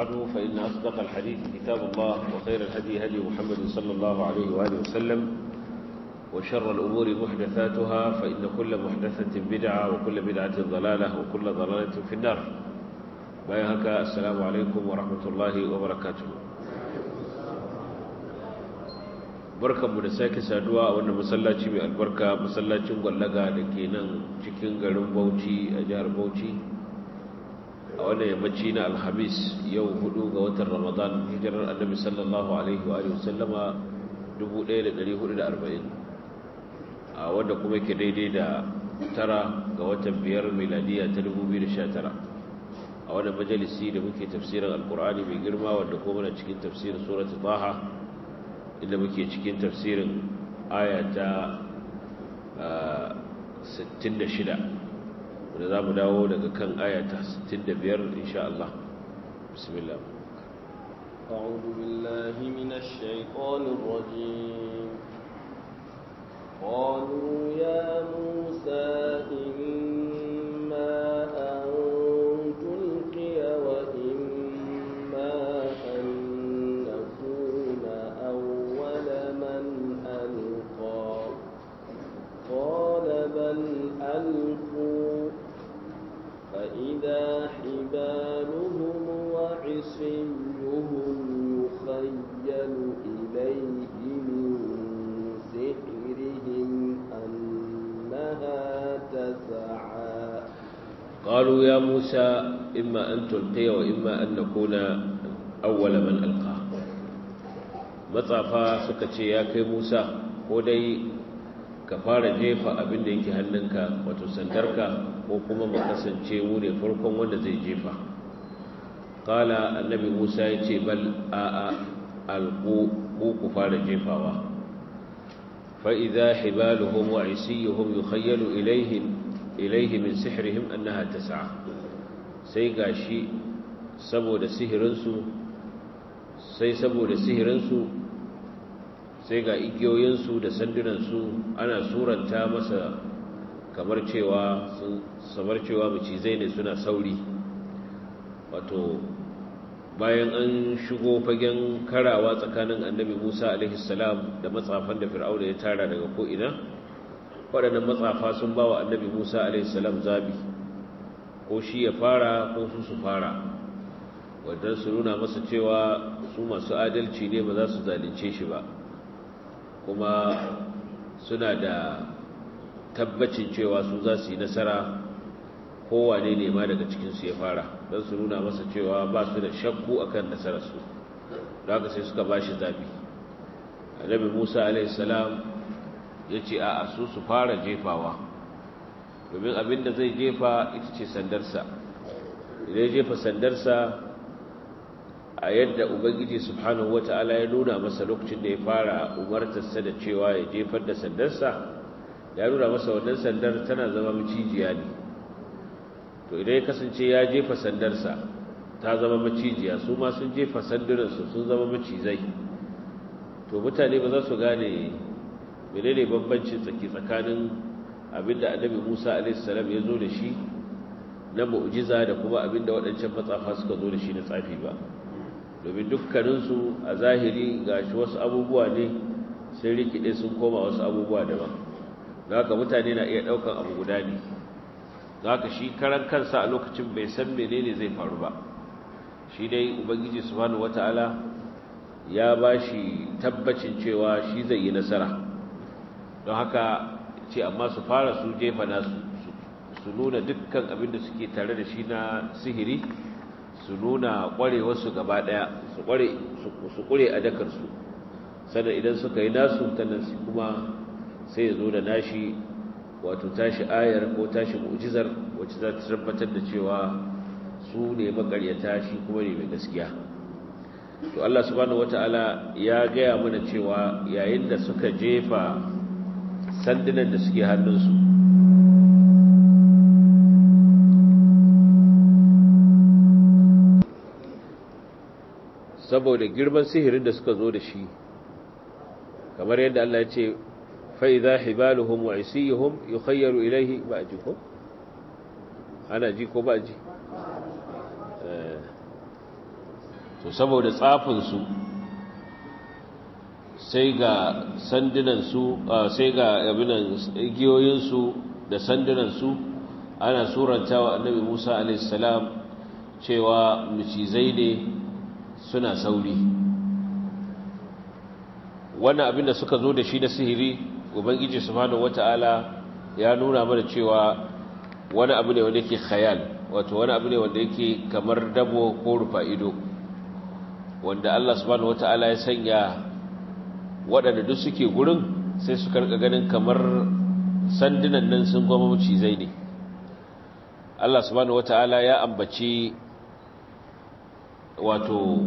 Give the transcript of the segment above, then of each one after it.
بعد فإن أصدق الحديث كتاب الله وخير الهدي هدي محمد صلى الله عليه وآله وسلم وشر الأمور محدثاتها فإن كل محدثة بدعة وكل بدعة ضلالة وكل ضلالة في النار بايهك السلام عليكم ورحمة الله وبركاته بركة من sake saduwa وأن wannan masallaci البركة albarka masallacin gwallaga لكينا ke لنبوتي أجار بوتي a wannan yammaci na alhamis yau hudu ga watan ramadan hijirar annabi sallallahu alaihi wa sallama 1440 a wanda kuma ke daidai da tara ga watan biyar miladiya ta 2019 a wannan majalisi da muke tafsirin alkur'ani mai girma wanda kuma na cikin tafsirin suratu baha inda muke cikin tafsirin aya ta 66 ah, da za mu dawo daga kan ayata ta 65 insha Allah bismillah أعوذ بالله من الشيطان الرجيم قالوا يا موسى إن فإذا حبالهم وعصيهم يخيل إليه من سحرهم أنها تسعى قالوا يا موسى إما أن تلقي وإما أن نكون أول من ألقاه متى suka ce يا موسى ودي ka fara jefa abin da yake hannunka wato sandarka ko kuma mu kasance farkon wanda zai jefa kala annabi musa ya ce bal a a alko ko ku fara jefawa fa'iza hibaluhum wa isiyuhum yukhayyalu ilaihim ilaihi min sihirihim annaha tas'a sai gashi saboda sihirinsu sai saboda sihirinsu sai ga igiyoyinsu da sandunansu ana suranta masa kamar cewa samar cewa macizai ne suna sauri wato bayan an shigo fagen karawa tsakanin annabi musa alaihissalam da matsafan da fir'auna ya tara daga ko'ina waɗannan matsafa sun ba wa annabi musa alaihissalam zabi ko shi ya fara ko su su fara waɗansu su nuna masa cewa su masu adalci ne ba za su zalince shi ba kuma suna da tabbacin cewa su za su yi nasara kowane ne ma daga cikinsu ya fara don su nuna masa cewa ba su da shakku akan nasararsu da haka sai suka ba shi zafi alabi musa alaihissalam ya ce a su su fara jefawa domin abin da zai jefa ita ce sandarsa idan jefa sandarsa a yadda ubangiji subhanahu ta'ala ya nuna masa lokacin da ya fara umartarsa da cewa ya jefar da sandarsa ya nuna masa wannan sandar tana zama macijiya ne to idan ya kasance ya jefa sandarsa ta zama macijiya su ma sun jefa su sun zama macizai to mutane ba za su gane menene bambancin tsaki tsakanin abin da annabi Musa alaihi salam ya zo da shi na mu'jiza da kuma abin da waɗancan matsafa suka zo da shi na tsafi ba domin dukkaninsu a zahiri ga shi wasu abubuwa ne sai rikide sun koma wasu abubuwa daban za ka mutane na iya ɗaukan abu guda ne za ka shi karan kansa a lokacin bai san menene zai faru ba shi dai ubangiji wata wata'ala ya ba shi tabbacin cewa shi zai yi nasara don haka ce amma su fara su jefa nasu su nuna dukkan abin da suke tare da shi na sihiri su nuna ƙwarewarsu gaba ɗaya su ƙure a dakarsu sannan idan suka yi nasu tannan kuma sai ya zo da nashi wato tashi ayar ko tashi mu'jizar wacce za ta tabbatar da cewa su ne makaryata shi kuma ne mai gaskiya to Allah subhanahu wataala ya gaya mana cewa yayin da suka jefa sandunan da suke hannunsu saboda girman sihirin da suka zo da shi kamar yadda Allah ya ce fa idza hibaluhum wa isihum yukhayyaru ilayhi ko, ana ji ko ba ji eh. to saboda tsafin su sai ga sandinan su sai ga abinan igiyoyin su da sandinan su ana surantawa annabi Musa alaihi salam cewa mucizai ne suna sauri wannan abin da suka zo da shi na sihiri ubangiji subhanahu wata'ala ya nuna mana cewa wani abu ne wanda yake khayal wato wani abu ne wanda yake kamar dabo ko rufa ido wanda Allah subhanahu wata'ala ya sanya waɗanda duk suke gurin sai su karka ganin kamar sandunan nan sun goma macizai ne Allah subhanahu wata'ala ya ambaci wato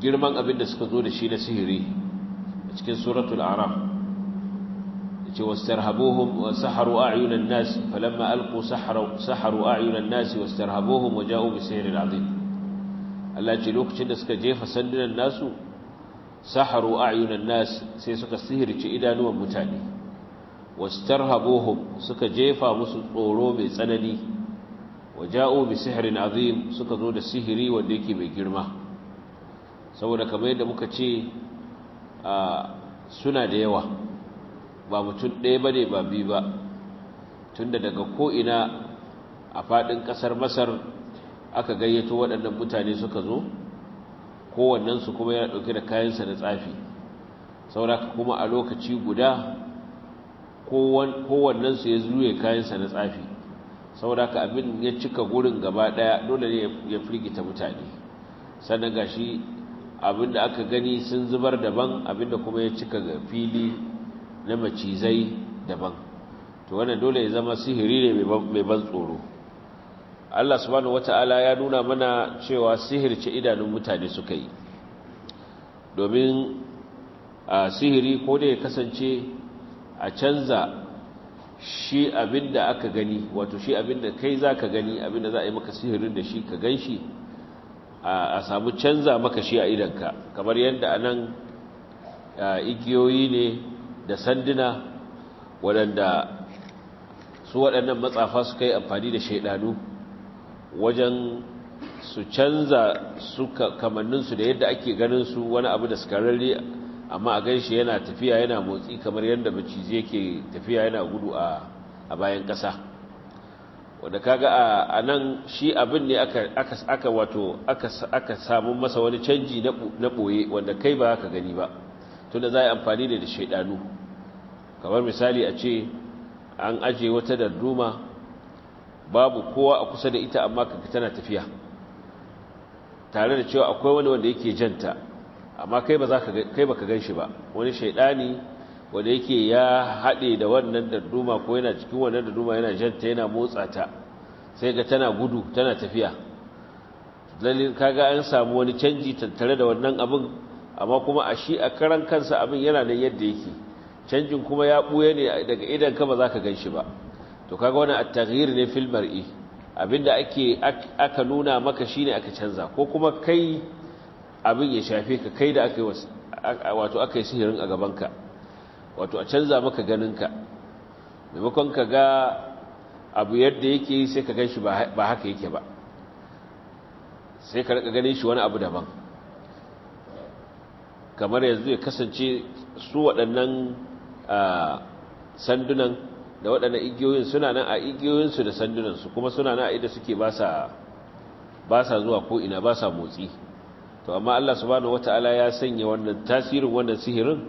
girman abin da suka zo da shi na sihiri a cikin suratul araf ce wastarhabuhum wa saharu a'yunan nas falamma alqu saharu saharu a'yunan nas wastarhabuhum azim Allah ce lokacin da suka jefa sandunan nasu saharu a'yunan nas sai suka sihirce idanuwan mutane wastarhabuhum suka jefa musu tsoro mai tsanani waja'u bi sihrin azim suka zo da sihiri wanda yake mai girma saboda kamar yadda muka ce suna da yawa ba mutum ɗaya bane ba biyu ba tunda daga ko ina a faɗin ƙasar masar aka gayyato waɗannan mutane suka zo su kuma yana ɗauke da kayansa da tsafi sauraka kuma a lokaci guda su ya zuwe kayansa na tsafi saboda ka abin ya cika gurin gaba daya dole ne ya firgita mutane sannan gashi abin da aka gani sun zubar daban abin da kuma ya cika ga fili na macizai daban to wannan dole ya zama sihiri ne mai ban tsoro Allah subhanahu wata'ala ya nuna mana cewa sihirce idanun mutane suka yi domin a sihiri ko da ya kasance a canza shi abinda aka gani wato shi abinda kai za ka gani abinda za a yi maka sihirin da shi ka gan shi a samu canza maka shi a idanka kamar yadda a nan igiyoyi ne da sanduna waɗanda su waɗannan matsafa suka yi amfani da shaidanu wajen su canza su kamanninsu da yadda ake ganin su wani abu da sukararri amma a ganshi yana tafiya yana motsi kamar yadda macizai ke tafiya yana gudu a bayan ƙasa wanda kaga a nan shi abin ne aka wato aka samu masa wani canji na ɓoye wanda kai ba ka gani ba tunda za a yi amfani da shaidanu kamar misali a ce an aje wata darduma babu kowa a kusa da ita amma kaga tana tafiya tare da cewa akwai wani wanda yake janta amma kai ba za ka kai baka ganshi ba wani shaydani wanda yake ya hade da wannan darduma ko yana cikin wannan darduma yana janta yana motsa ta sai ga tana gudu tana tafiya lalle kaga an samu wani canji tattare da wannan abin amma kuma a shi a karan kansa abin yana nan yadda yake canjin kuma ya buye ne daga idan ka ba za ka ganshi ba to kaga wannan at-taghyir ne fil mar'i abinda ake aka nuna maka shine aka canza ko kuma kai abin ya shafe ka kai da aka yi wato aka yi sihirin a gabanka wato a canza maka ganinka maimakon ka ga abu yadda yake sai ka gan shi ba haka yake ba sai ka rika ganin shi wani abu daban kamar yanzu ya kasance su waɗannan sandunan da waɗannan igiyoyin suna nan a igiyoyinsu da sandunansu kuma suna nan a idan suke ba sa zuwa ko ina ba sa motsi to amma Allah subhanahu wataala ya sanya wannan tasirin wannan sihirin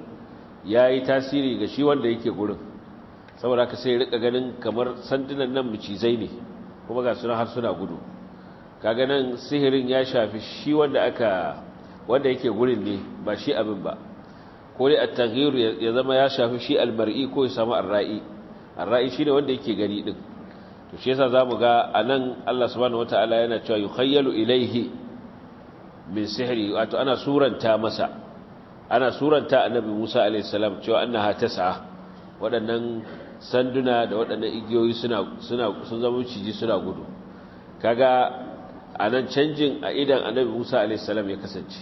yayi tasiri ga shi wanda yake gurin saboda ka sai rika ganin kamar sandunan nan mucizai ne kuma ga suna har suna gudu kaga nan sihirin ya shafi shi wanda aka wanda yake gurin ne ba shi abin ba ko dai at taghyir ya zama ya shafi shi al-mar'i ko ya samu ar-ra'i ar-ra'i shine wanda yake gani din to shi yasa zamu ga anan Allah subhanahu wataala yana cewa yukhayyalu ilayhi min sihiri wato ana suranta masa ana suranta annabi Musa alaihi salam cewa annaha tas'a waɗannan sanduna da waɗannan igiyoyi suna suna sun zama ciji suna gudu kaga anan canjin a idan annabi Musa alaihi salam ya kasance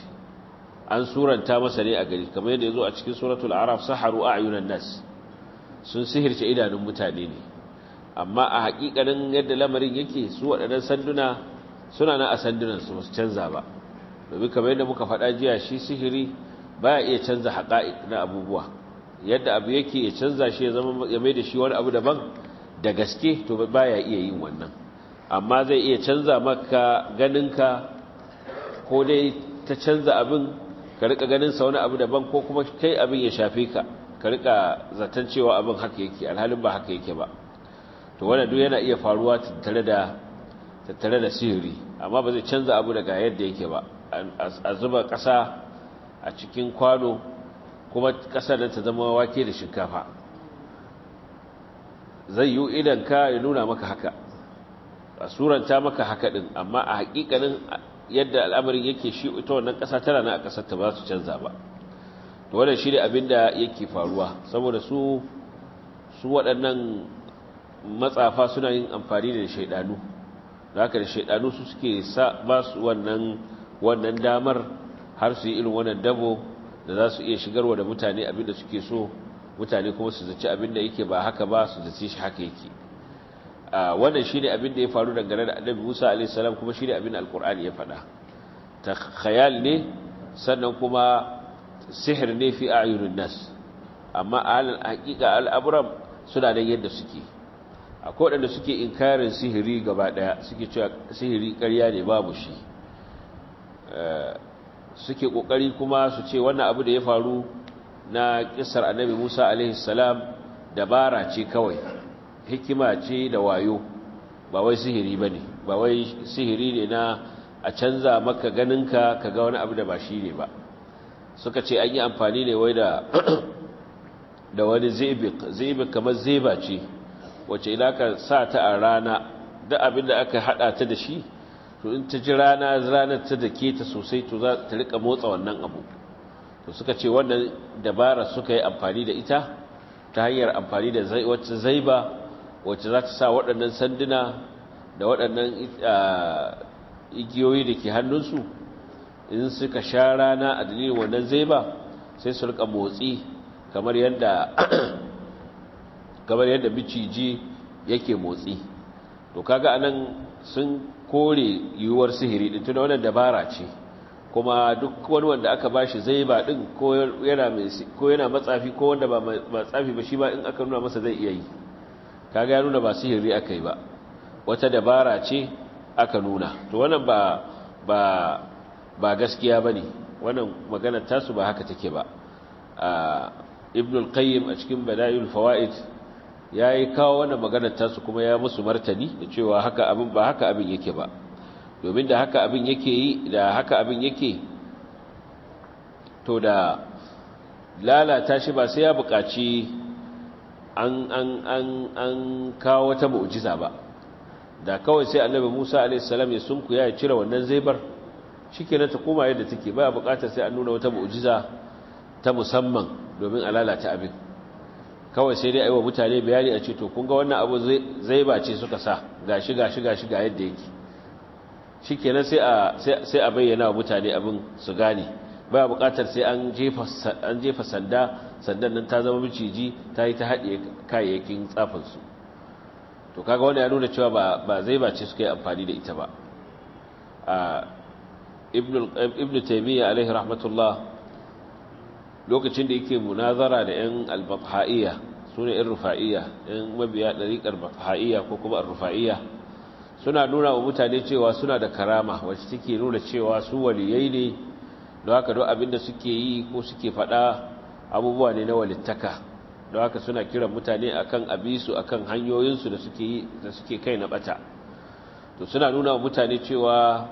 an suranta masa ne a gari kamar yadda yazo a cikin suratul araf saharu a'yunan nas sun sihirce idanun mutane ne amma a hakikanin yadda lamarin yake su waɗannan sanduna suna nan a sandunan su canza ba domin kamar yadda muka faɗa jiya shi sihiri ba ya iya canza haƙa'iq na abubuwa yadda abu yake ya canza shi ya zama ya mai da shi wani abu daban da gaske to ba ya iya yin wannan amma zai iya canza maka ganinka ko dai ta canza abin ka rika ganin sa wani abu daban ko kuma kai abin ya shafe ka ka rika zaton cewa abin haka yake alhalin ba haka yake ba to wannan duk yana iya faruwa tattare da tattare da sihiri amma ba zai canza abu daga yadda yake ba a zuba ƙasa a cikin kwano kuma ƙasar nan ta zama wake da shinkafa zai yi idan ka ya nuna maka haka a suranta maka haka ɗin amma a haƙiƙanin yadda al'amarin yake shi ita wannan ƙasa tana na a ƙasar ta ba su canza ba ta wannan shi ne abin da yake faruwa saboda su su waɗannan matsafa suna yin amfani da shaiɗanu da haka da shaiɗanu su suke ba su wannan wannan damar har su yi irin wannan dabo da za su iya shigarwa da mutane abin da suke so mutane kuma su zaci abin da yake ba haka ba su zaci shi haka yake wannan shine abin da ya faru dangane da annabi Musa alaihi kuma shine abin da alqur'ani ya faɗa ta khayal ne sannan kuma sihir ne fi a'yunin nas amma alal hakika al suna da yadda suke akwai waɗanda suke inkarin sihiri gaba ɗaya suke cewa sihiri ƙarya ne babu shi Eh, suke kokari kuma su ce wannan abu da ya faru na kisar annabi Musa alaihi salam dabara ce kawai hikima ce da wayo ba wai sihiri bane ba wai sihiri ne na a canza maka ganinka kaga wani abu da ba shi ne ba suka ce an yi amfani ne wai da da wani zibiq zibiq kamar zeba ce wace idan ka sa ta a rana duk abin da aka hada ta da shi to in ta ji rana ranar ta dake ta sosai to za ta rika motsa wannan abu to suka ce wannan dabara suka yi amfani da ita ta hanyar amfani da wacce zaiba wacce za ta sa waɗannan sanduna da waɗannan ah, igiyoyi da ke hannunsu in suka sha rana a dalilin wannan zaiba sai su rika motsi kamar yadda kamar yadda yake motsi to kaga anan sun kore yiwuwar sihiri din tunda wannan dabara ce kuma duk wani wanda aka bashi shi din ko yana mai ko yana matsafi ko wanda ba matsafi ba shi ba in aka nuna masa zai iya yi kaga ya nuna ba sihiri akai ba wata dabara ce aka nuna to wannan ba ba ba gaskiya bane wannan magana tasu ba haka take ba ah, ibn qayyim a cikin bada'il fawaid ya yi kawo wani magana tasu kuma ya musu martani da cewa haka abin ba haka abin yake ba domin da haka abin yake yi da haka abin yake to da lalata shi ba sai ya buƙaci an an an an kawo wata mu'jiza ba da kawai sai annabi Musa a.s. ya sunku ya cire wannan zaibar shikenan ta koma yadda take ba buƙatar sai an nuna wata mu'jiza ta musamman domin a lalata abin kawai sai dai a yi wa mutane bayani a ce to kun ga wannan abu zai ba suka sa gashi gashi gashi ga yadda yake shi kenan sai a bayyana wa mutane abin su gane ba bukatar sai an jefa sanda sandan nan ta zama miciji ta yi ta haɗe kayayyakin tsafinsu to kaga wani ya nuna cewa ba zai ba suka yi amfani da ita ba ibn taimiyya alaihi rahmatullah lokacin da yake munazara da 'yan albafha'iyya su ne 'yan rufa'iyya 'yan mabiya ɗariƙar bafha'iyya ko kuma rufa'iya suna nuna wa mutane cewa suna da karama wacce take nuna cewa su waliyai ne da haka don abin da suke yi ko suke faɗa abubuwa ne na walittaka da haka suna kiran mutane akan abisu akan hanyoyinsu da suke da suke kai na bata to suna nuna wa mutane cewa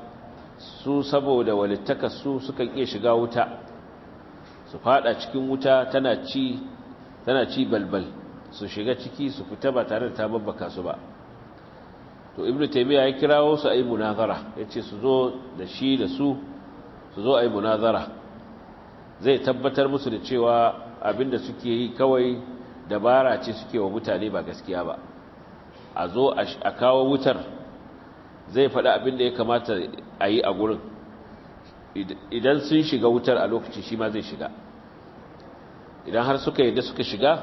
su saboda walittaka su sukan iya shiga wuta su fada cikin wuta tana ci balbal su shiga ciki su fita ba tare da ta su ba to ibnu taymiya ya kirawo su ayi munazara yace su zo da shi da su su zo ayi munazara zai tabbatar musu da cewa abin da suke yi kawai dabara ce suke wa mutane ba gaskiya ba a zo a kawo wutar zai faɗi da ya kamata a yi a gurin idan sun shiga wutar a lokaci shi ma zai shiga idan har suka yadda suka shiga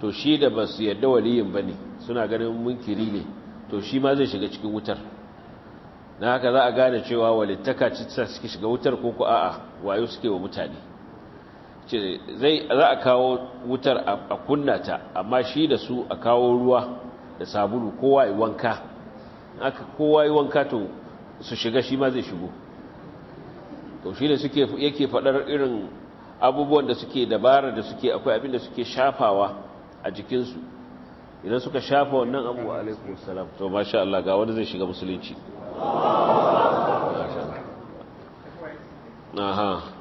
to shi da ba su yadda waliyin ba ne suna ganin munkiri ne to shi ma zai shiga cikin wutar na haka za a gane cewa walittaka cita suke shiga wutar ko ku a'a wayo suke wa mutane zai za a kawo wutar a kunna ta amma shi da su a kawo ruwa da sabulu kowa yi wanka aka kowa yi wanka to su shiga shi ma zai shigo to shi da suke yake faɗar irin abubuwan da suke dabara da suke akwai abin da suke shafawa a jikinsu idan suka shafa wannan abu wa alaikun salam to masha Allah ga wanda zai shiga musulunci aha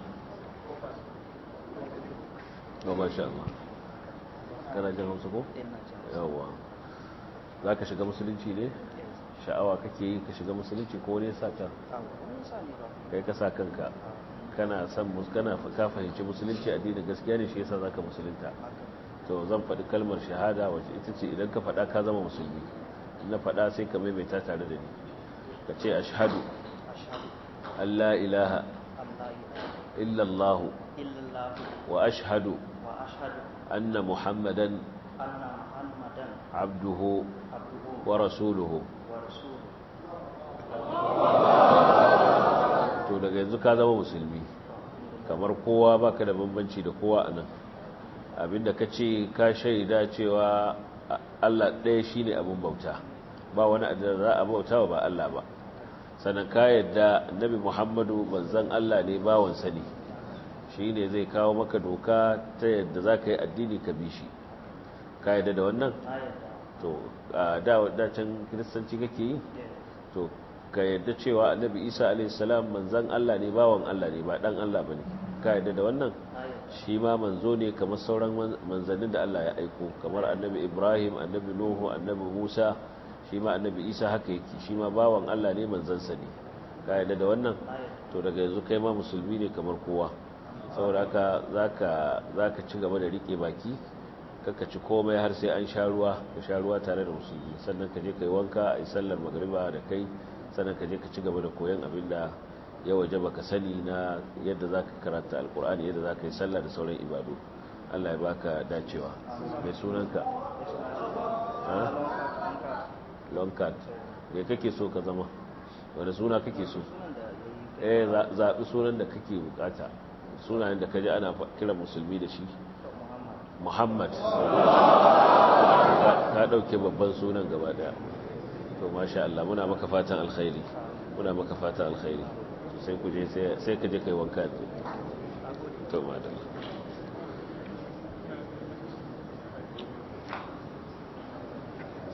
to masha Allah kana jin hausa ko yawa za ka shiga musulunci ne sha'awa kake yi ka shiga musulunci ko ne sa ka kai ka sa kanka kana san kana ka fahimci musulunci addinin gaskiya ne shi yasa zaka musulunta to zan faɗi kalmar shahada wace ita ce idan ka faɗa ka zama musulmi na faɗa sai ka maimaita tare da ni ka ce ashhadu an la ilaha illallah wa ashhadu anna muhammadan abduhu wa rasuluhu to daga yanzu ka zama musulmi kamar kowa baka da bambanci da kowa a nan abinda ka ce ka shaida cewa Allah ɗaya shi ne abin bauta ba wani adana za a bauta ba Allah ba sannan ka yadda nabi muhammadu manzan Allah ne bawon sani shi ne zai kawo maka doka ta yadda za ka yi addini ka bi shi ka yadda da wannan to a dacin kiristanci kake yi to ka yadda cewa annabi isa alaihissalam manzan allah ne bawan allah ne ba dan allah ba ne ka yadda da wannan shi ma manzo ne kamar sauran manzannin da allah ya aiko kamar annabi ibrahim annabi nuhu annabi musa shi ma annabi isa haka yake shi ma bawan allah ne manzansa ne ka yadda da wannan to daga yanzu kai ma musulmi ne kamar kowa saboda haka za ka ci gaba da rike baki kaka ci komai har sai an sha ruwa ka sha ruwa tare da musulmi sannan ka je ka yi wanka a yi sallar magariba da kai sannan ka je ka ci gaba da koyon abin da ya waje baka sani na yadda za ka karanta alkur'ani yadda za ka yi sallah da sauran ibadu allah ya baka dacewa mai sunanka long card mai kake so ka zama wani suna kake so eh zaɓi sunan da kake bukata sunayen da ji ana kira musulmi da shi muhammad ta ɗauke babban sunan gaba daya to masha Allah muna maka fatan alkhairi muna maka fatan alkhairi sai ku je sai ka je kai wanka to madalla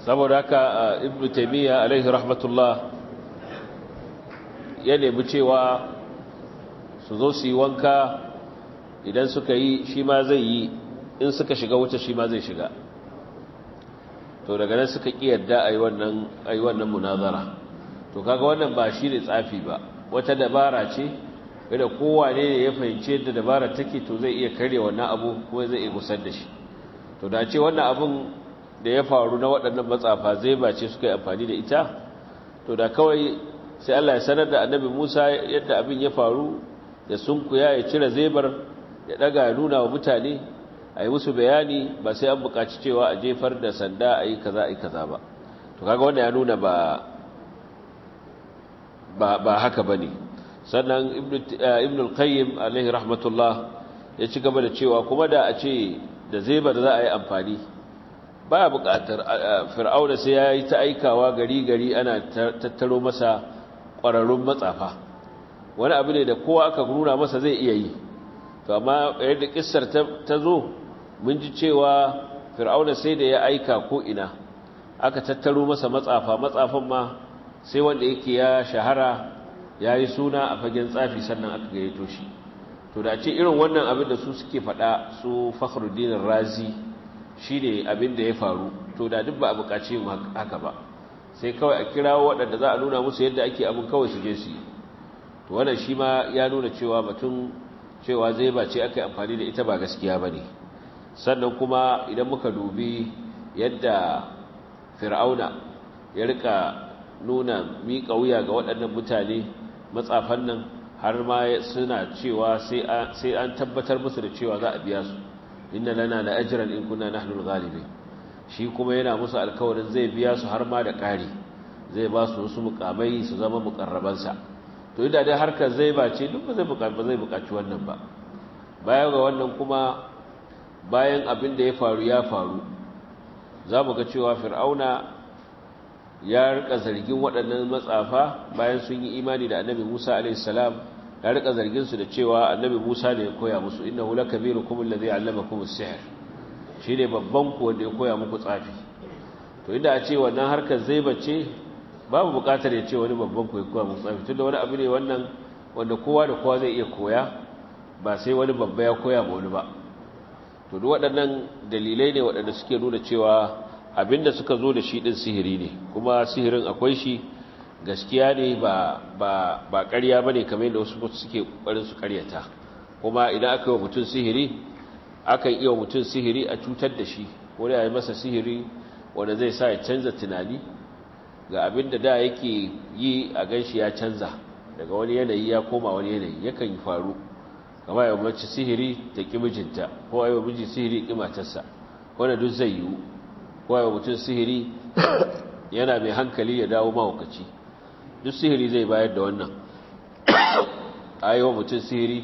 saboda haka ibnu taymiya alaihi rahmatullah ya nemi cewa su zo su yi wanka idan suka yi shi ma zai yi in suka shiga wuce shi ma zai shiga to daga nan suka ƙi yadda a yi wannan munazara to kaga wannan ba shi ne tsafi ba wata dabara ce da kowa ne ya fahimce da dabara take to zai iya karya wannan abu kuma zai iya gusar da shi to da ce wannan abun da ya faru na waɗannan matsafa zai ba ce suka yi amfani da ita to da kawai sai Allah ya sanar da annabi Musa yadda abin ya faru da sunkuya ya cire zebar ya daga nuna wa mutane a yi musu bayani ba sai an buƙaci cewa a jefar da sanda a yi kaza a yi kaza ba to kaga wanda ya nuna ba haka ba ne sannan eh, ibn al-qayyim alaihi rahmatullah ya ci gaba da cewa kuma da a ce da da za a yi amfani ba buƙatar fir'auna sai ya yi ta aikawa gari gari ana tattaro masa ƙwararrun matsafa wani abu ne da kowa aka nuna masa zai iya yi to amma yadda kissar ta zo mun ji cewa fir'auna sai da ya aika ko ina aka tattaro masa matsafa matsafan ma sai wanda yake ya shahara ya yi suna a fagen tsafi sannan aka gayyato shi to da ce irin wannan abin da su suke faɗa su fakhruddin razi shi ne abin da ya faru to da duk ba a buƙaci haka ba sai kawai a kirawo waɗanda za a nuna musu yadda ake abin kawai su je su to wannan shi ma ya nuna cewa batun cewa zai ba ce aka yi amfani da ita ba gaskiya ba ne sannan kuma idan muka dubi yadda fir'auna ya rika nuna miƙa wuya ga waɗannan mutane matsafan nan har ma suna cewa sai an tabbatar musu da cewa za a biya su inna lana la ajran in kunna nahnu al-ghalibin shi kuma yana musu alkawarin zai biya su har ma da ƙari zai ba su wasu mukamai su zama mukarrabansa to idan dai harkar zai ba duk ba zai buƙaci wannan ba baya ga wannan kuma bayan abin da ya faru ya faru za mu ga cewa fir'auna ya rika zargin waɗannan matsafa bayan sun yi imani da annabi musa alaihissalam ya rika zargin su da cewa annabi musa ne ya koya musu inna hula kabiru kuma da zai allama kuma sihir shi ne babban kuwa da ya koya muku tsafi to inda a ce wannan harkar zai bace babu bukatar ya ce wani babban ku ya koya muku tsafi tunda wani abu ne wannan wanda kowa da kowa zai iya koya ba sai wani babba ya koya ba wani ba to duk waɗannan dalilai ne waɗanda suke nuna cewa abinda suka zo da shi ɗin sihiri ne kuma sihirin akwai shi gaskiya ne ba ba ba ne kamar yadda wasu suke ƙoƙarin su ƙaryata kuma idan aka yi wa mutum sihiri akan iya mutum sihiri a cutar da shi ko da ya masa sihiri wanda zai sa ya canza tunani ga abinda da yake yi a ganshi ya canza daga wani yanayi ya koma wani yanayi yakan faru kamar yau mace sihiri ta ƙi mijinta ko wa mijin sihiri ƙi matarsa wanda duk zai yiwu ko wa mutum sihiri yana mai hankali ya dawo mawakaci duk sihiri zai bayar da wannan a yi wa mutum sihiri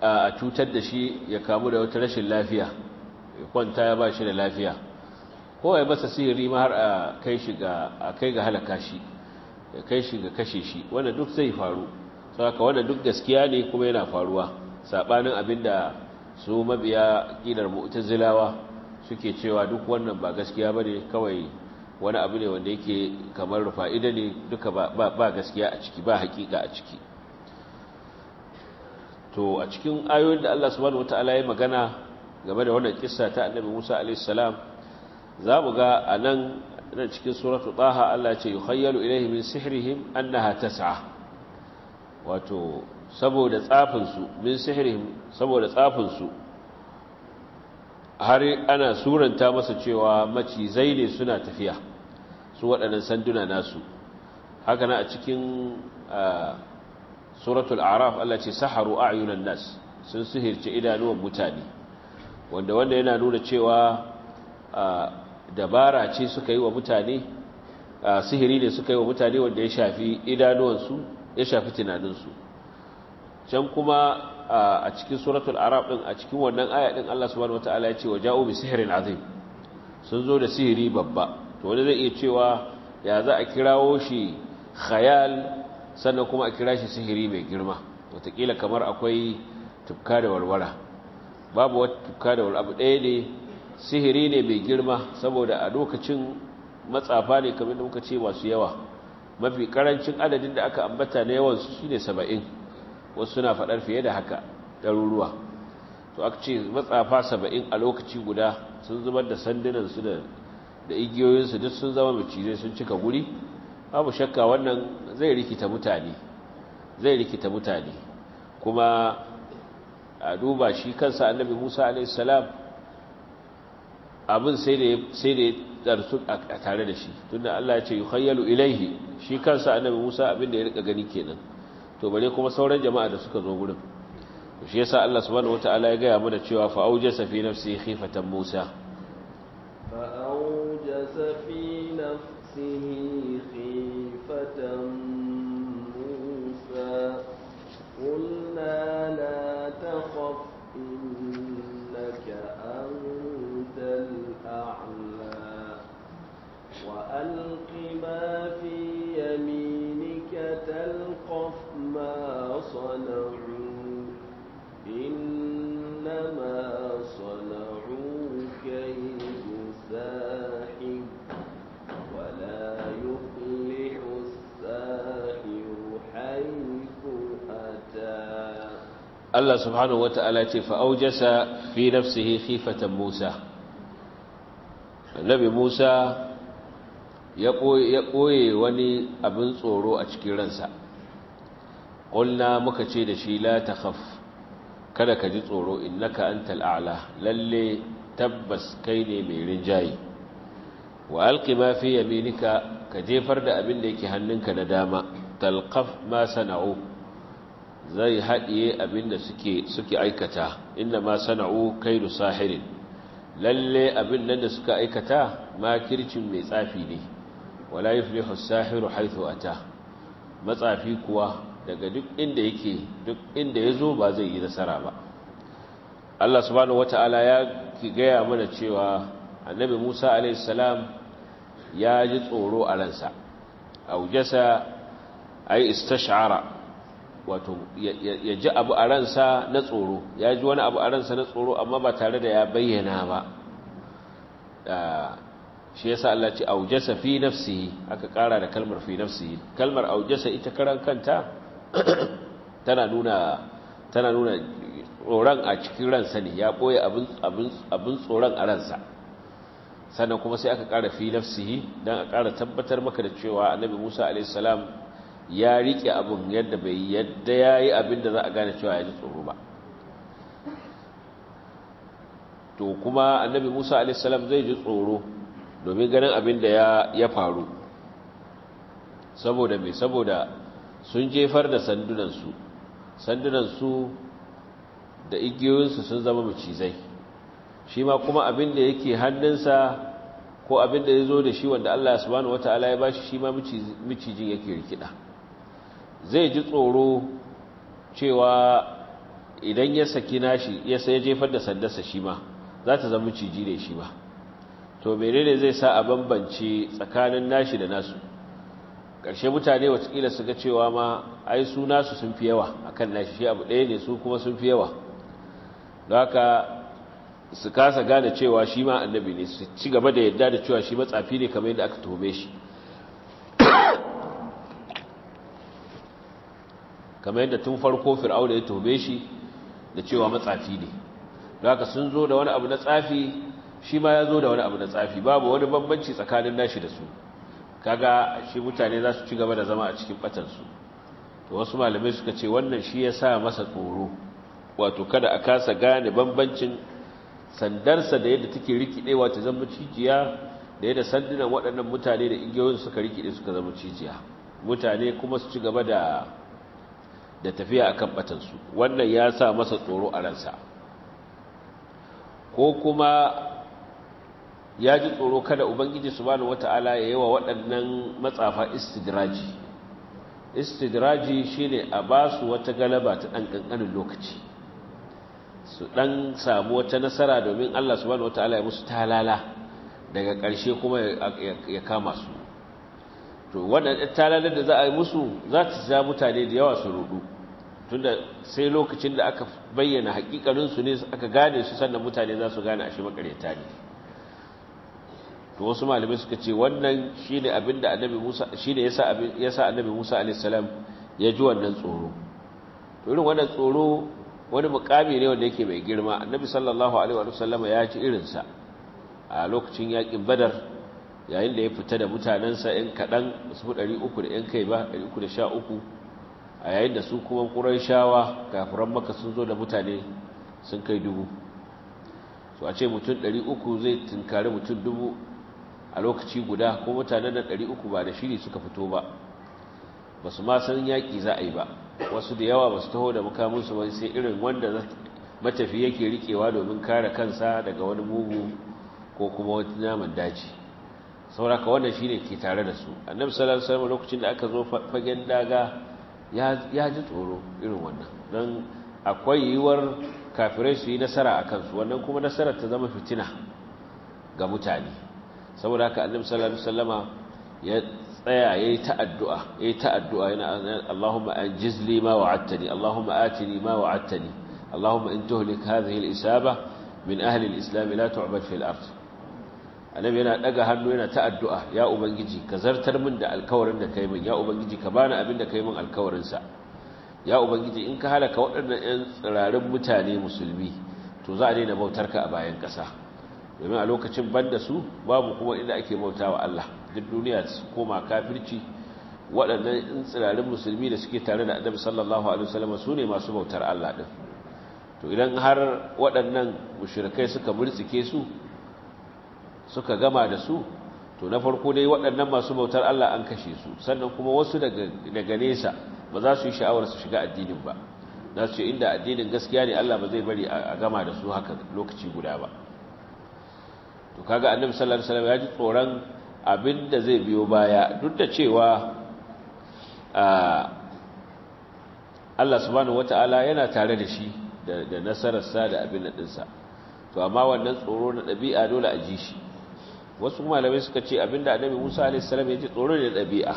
a cutar da shi ya kamu da wata rashin lafiya ya kwanta ya ba shi da lafiya ko ya masa sihiri ma har a kai ga halaka ya kai shi ga kashe shi wanda duk zai faru saka wanda duk gaskiya ne kuma yana faruwa sabanin da su mabiya kidar mu'tazilawa suke cewa duk wannan ba gaskiya bane kawai wani abu ne wanda yake kamar fa'ida ne duka ba gaskiya a ciki ba hakika a ciki to a cikin ayoyin da Allah subhanahu wataala ya magana game da wannan kissa ta Annabi Musa alaihi salam za mu ga anan nan cikin suratu taha Allah ya ce yukhayyalu ilayhi min sihrihim annaha tas'a wato saboda tsafinsu min sihirin saboda tsafinsu har ana suranta masa cewa macizai ne suna tafiya su waɗannan sanduna nasu haka na a cikin suratul araf Allah ce saharu a'yunan nas sun sihirce idanuwan mutane wanda wanda yana nuna cewa dabara ce suka yi wa mutane sihiri ne suka yi wa mutane wanda ya shafi idanuwansu ya shafi tunaninsu can kuma a cikin suratul arab din a cikin wannan aya din Allah subhanahu wataala ya ce wa ja'u bi sihrin azim sun zo da sihiri babba to wani zai iya cewa ya za a kirawo shi khayal sannan kuma a kira shi sihiri mai girma wataƙila kamar akwai tufka da walwala babu wata tufka da walwala ɗaya ne sihiri ne mai girma saboda a lokacin matsafa ne kamar da muka ce masu yawa mafi karancin adadin da aka ambata na yawansu shi ne saba'in wasu suna faɗar fiye da haka ɗaruruwa to aka ce matsafa saba'in a lokaci guda sun zubar da sandunansu da igiyoyinsu duk sun zama macizai sun cika guri babu shakka wannan zai rikita mutane zai rikita mutane kuma a duba shi kansa annabi musa salam abin sai da darsu a tare da shi tunda Allah ya ce yukhayyalu ilaihi shi kansa annabi Musa abin da ya rika gani kenan to bare kuma sauran jama'a da suka zo gurin to shi yasa Allah subhanahu wataala ya gaya mana cewa fa aujasa fi nafsi khifatan Musa fa aujasa fi nafsihi وما صنعوا كيد ساحر ولا يفلح الساحر حيث أتى الله سبحانه وتعالى فأوجس في نفسه خيفة موسى النبي موسى يقوي وني أبن صورو أشكي ransa ƙulna muka ce da shi la ta khaf kada ka ji tsoro innaka antal a'la lalle tabbas kai ne mai rinjaye wa alqi ma fi yaminika ka jefar da abin da yake hannunka na dama talqaf ma sana'u zai hadiye abin da suke suke aikata inna ma sana'u kaidu sahirin lalle abin nan da suka aikata ma kircin mai tsafi ne wala yuflihu as-sahiru haythu ata matsafi kuwa daga duk inda yake duk inda ya zo ba zai yi nasara ba Allah subhanahu wata'ala ya gaya mana cewa annabi Musa salam ya ji tsoro a ransa aujasa ai istash'ara wato ya ji abu a ransa na tsoro ya ji wani abu a ransa na tsoro amma ba tare da ya bayyana ba shi yasa Allah ce aujasa fi nafsihi aka kara da kalmar fi nafsihi kalmar aujasa ita karan kanta tana nuna tana nuna tsoron a cikin ransa ne ya boye abin abin abin tsoron a ransa sannan kuma sai aka ƙara fi nafsihi don a ƙara tabbatar maka da cewa annabi Musa alaihi salam ya riƙe abin yadda bai yadda ya yi abin da za a gane cewa ya ji tsoro ba to kuma annabi Musa a.s. zai ji tsoro domin ganin abin da ya faru saboda mai saboda sun jefar da sandunansu sandunansu da igiyoyinsu sun zama macizai shi ma kuma abin da yake hannunsa ko abin da ya zo da shi wanda Allah subhanahu wata'ala ya bashi shi ma macijin yake rikida zai ji tsoro cewa idan ya saki nashi ya sai jefar da sandarsa shi ma za ta zama maciji ne shi ma to menene zai sa a bambance tsakanin nashi da nasu ƙarshe mutane watakila su ga cewa ma ai su sun fi yawa a kan nashi shi abu ɗaya ne su kuma sun fi yawa da haka su kasa gane cewa shi ma annabi ne su ci gaba da yadda da cewa shi matsafi ne kamar yadda aka tobe shi kamar yadda tun farko fir'auna ya tobe shi da cewa matsafi ne da haka sun zo da wani abu na tsafi shi ma ya zo da wani abu na tsafi babu wani bambanci tsakanin nashi da su kaga shi mutane za su ci gaba da zama a cikin batansu to wasu malamai suka ce wannan shi ya sa masa tsoro wato kada a kasa gane bambancin sandarsa da yadda take rikide wato zama cijiya da yadda sandunan waɗannan mutane da igiyoyin suka rikide suka zama cijiya mutane kuma su ci gaba da da tafiya akan batansu wannan ya sa masa tsoro a ransa ko kuma ya ji tsoro kada ubangiji subhanahu wataala ya yi wa waɗannan matsafa istidraji istidraji shine a ba su wata galaba ta ɗan ƙanƙanin lokaci su ɗan samu wata nasara domin Allah subhanahu wataala ya musu talala daga ƙarshe kuma ya kama su to waɗannan talalar da za a yi musu za ta ja mutane da yawa su rudu tunda sai lokacin da aka bayyana hakikarinsu ne aka gane su sannan mutane za su gane shi makaryata ne to wasu malamai suka ce wannan shine abinda annabi Musa shine yasa abin yasa annabi Musa alayhi salam ya ji wannan tsoro to irin wannan tsoro wani mukami ne wanda yake mai girma annabi sallallahu alaihi wa sallama ya ci irin sa a lokacin yakin badar yayin da ya fita da mutanansa ɗan kaɗan su 300 da ɗan kai ba 313 a yayin da su kuma quraishawa kafiran maka sun zo da mutane sun kai dubu so a ce mutum 300 zai tunkari mutum dubu a lokaci guda ko mutane da ɗari uku ba da shiri suka fito ba ba su ma san yaƙi za a yi ba wasu da yawa ba su taho da mukaminsu ba sai irin wanda matafi yake riƙewa domin kare kansa daga wani mugu ko kuma wata naman daji sauraka wannan ne ke tare da su annabi nan alaihi lokacin da aka zo fagen daga ya ji tsoro irin wannan don akwai yiwuwar kafirai su yi nasara a kansu wannan kuma nasarar ta zama fitina ga mutane saboda haka annabi sallallahu alaihi wasallama ya tsaya yayi ta addu'a yayi ta addu'a yana Allahumma anjizli ma wa'adtani Allahumma atini ma wa'adtani Allahumma in tuhlik hadhihi al-isaba min ahli al-islam la tu'bad fil ard annabi yana daga hannu yana ta addu'a ya ubangiji ka zartar min da alkawarin da kai min ya ubangiji ka bani abin da kai min alkawarin sa ya ubangiji in ka halaka waɗannan 'yan tsirarin mutane musulmi to za a daina bautar ka a bayan ƙasa domin a lokacin ban da su babu kuma inda ake bauta wa Allah duk duniya su koma kafirci waɗannan tsirarin musulmi da suke tare da adam sallallahu alaihi wasallam su ne masu bautar Allah din to idan har waɗannan mushrikai suka murtsike su suka gama da su to na farko dai waɗannan masu bautar Allah an kashe su sannan kuma wasu daga nesa ba za su yi sha'awar su shiga addinin ba za su ce inda addinin gaskiya ne Allah ba zai bari a gama da su haka lokaci guda ba to kaga annabi sallallahu alaihi wasallam ya ji tsoron abinda zai biyo baya duk da cewa Allah subhanahu wataala yana tare da shi da nasarar sa da abin ɗinsa to amma wannan tsoro na ɗabi'a dole a ji shi wasu malamai suka ce abinda annabi Musa alaihi salam ya ji tsoro ne ɗabi'a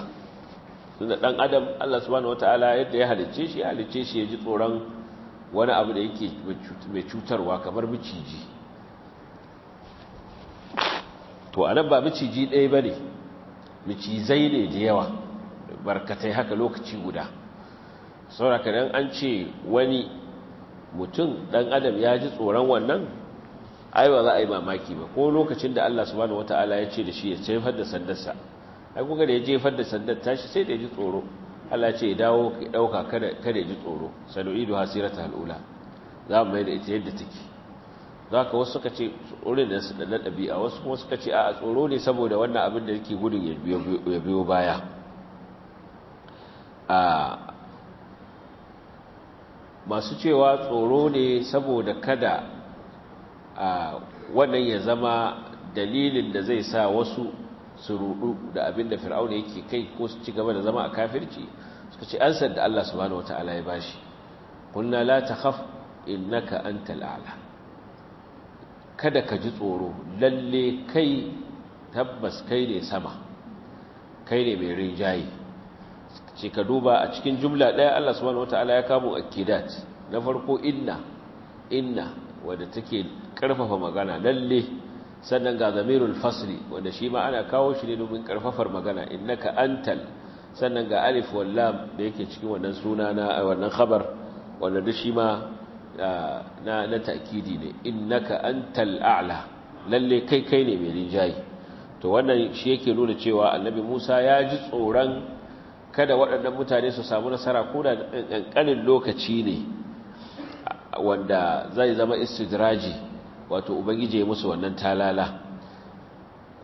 tunda dan adam Allah subhanahu wataala yadda ya halicce shi ya halicce shi ya ji tsoron wani abu da yake mai cutarwa kamar miciji to a nan ba miciji ɗaya ba ne, micizai ne da yawa barkatai haka lokaci guda sauraka dan an ce wani mutum ɗan adam ya ji tsoron wannan ai ba za a yi mamaki ba ko lokacin da Allah da wataala ya ce da shi ya jefar da sandarsa ai kuka da ya jefar da sandar tashi sai da ya ji tsoro Allah ce ya dawo ka ɗauka kada kada ya ji tsoro sanu'idu hasirata alula za mu mai da ita yadda take za haka wasu suka ce tsoron da na ɗabi'a wasu kuma suka ce a tsoro ne saboda wannan abin da yake gudun ya biyo baya a masu cewa tsoro ne saboda kada a wannan ya zama dalilin da zai sa wasu su rudu da abin da fir'auna yake kai ko su ci gaba da zama a kafirci suka ce ansar da Allah subhanahu wataala ya bashi kunna la in innaka antal a'la kada ka ji tsoro lalle kai tabbas kai ne sama kai ne mai rinjaye ce ka duba a cikin jumla ɗaya Allah subhanahu wataala ya kamo akidat na farko inna inna wadda take karfafa magana lalle sannan ga zamirul fasli wadda shi ma ana kawo shi ne domin karfafar magana innaka antal sannan ga alif wal lam da yake cikin wannan suna na wannan khabar wanda duk shi ma Ah, na na ta'kidi ne innaka antal a'la lalle kai kai ne mai rinjayi to wannan shi yake nuna cewa annabi Musa ya ji tsoron kada waɗannan mutane su samu nasara ko da ƙanƙanin lokaci ne wanda zai zama istidraji wato ubangije ya musu wannan talala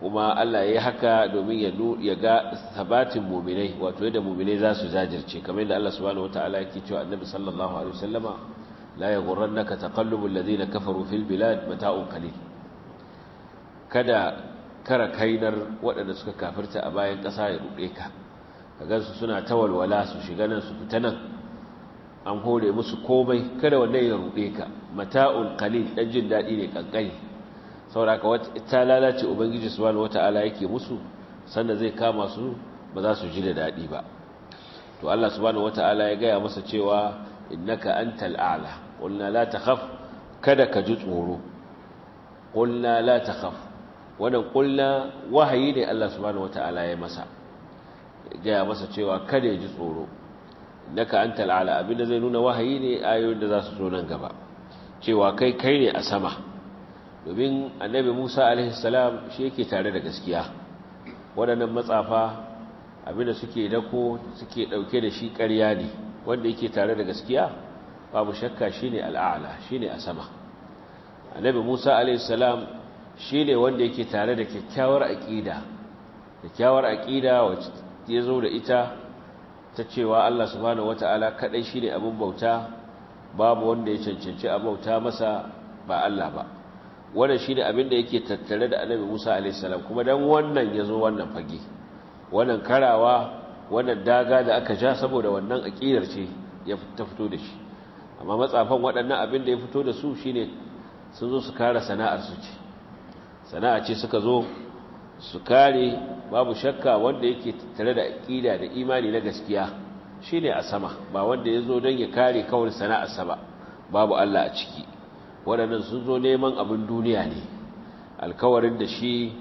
kuma Allah ya yi haka domin ya ga sabatin muminai wato yadda muminai za su zajirce kamar yadda Allah subhanahu wataala yake cewa annabi sallallahu alaihi wasallama la yaghurrannaka taqallubul na kafaru fil bilad mata'un qalil kada kara kainar waɗanda suka kafirta a bayan ƙasa ya ruɗe ka gansu suna tawalwala su shiga nan su fita nan an hore musu komai kada wannan ya ruɗe ka mata'un qalil ɗan jin daɗi ne kankani saboda ta lalace ubangiji subhanahu wata'ala yake musu sanda zai kama su ba za su ji da daɗi ba to Allah subhanahu wata'ala ya gaya masa cewa innaka antal a'la qulna la takhaf kada ka ji tsoro qulna la takhaf wannan qulna wahayi ne Allah subhanahu wataala ya masa gaya masa cewa kada ya ji tsoro innaka antal a'la abinda zai nuna wahayi ne ayoyin da za su zo nan gaba cewa kai kai ne a sama domin annabi Musa alaihi salam shi yake tare da gaskiya waɗannan matsafa abinda suke dako suke ɗauke da shi ƙarya ne wanda yake tare da gaskiya babu shakka shine al'ala shine a sama annabi Musa alayhi salam shine wanda yake tare da kyakkyawar aqida kyakkyawar aqida wacce zo da ita ta cewa Allah subhanahu wataala kadai shine abun bauta babu wanda ya cancanci a bauta masa ba Allah ba wannan shine abin da yake tattare da annabi Musa alayhi salam kuma dan wannan yazo wannan fage wannan karawa wannan daga da aka ja saboda wannan aƙidar ce ya ta fito da shi amma matsafan waɗannan abin da ya fito da su shine sun zo su kare sana'ar su ce sana'a ce suka zo su kare babu shakka wanda yake tare da aƙida da imani na gaskiya shine a sama ba wanda ya zo don ya kare kawai sana'arsa ba babu Allah a ciki waɗannan sun zo neman abin duniya ne alkawarin da shi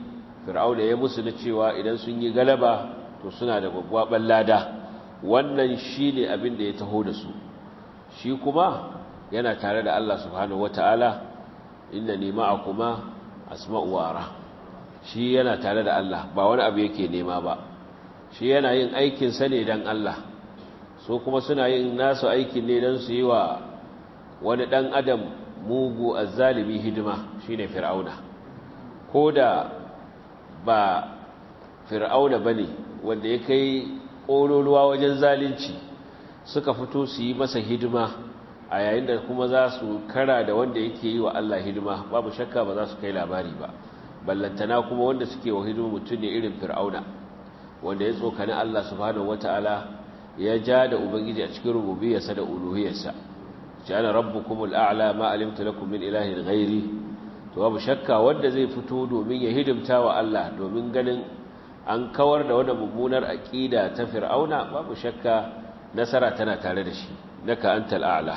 fir'auna ya musu na cewa idan sun yi galaba to suna da gwagwaban lada wannan shi ne abin da ya taho da su shi kuma yana tare da Allah subhanahu wataala inna nema a kuma wa uwara shi yana tare da Allah ba wani abu yake nema ba shi yana yin aikin sa ne dan Allah so kuma suna yin nasu aikin ne dan su yi wa wani dan adam mugu azzalimi hidima shine fir'auna ko da ba fir'auna bane wanda ya kai ƙororuwa wajen zalunci suka fito su yi masa hidima a yayin da kuma za su kara da wanda yake yi wa Allah hidima babu shakka ba za su kai labari ba ballantana kuma wanda suke wa hidima mutum ne irin fir'auna wanda ya tsokani Allah subhanahu wata'ala ya ja da ubangiji a cikin rububiyarsa da uluhiyarsa ce ana rabbukumul a'la ma alimtu lakum min ilahin ghairi to babu shakka wanda zai fito domin ya hidimta wa Allah domin ganin an kawar da wani mummunar aƙida ta fir'auna babu shakka nasara tana tare da shi Na ka'antar a'la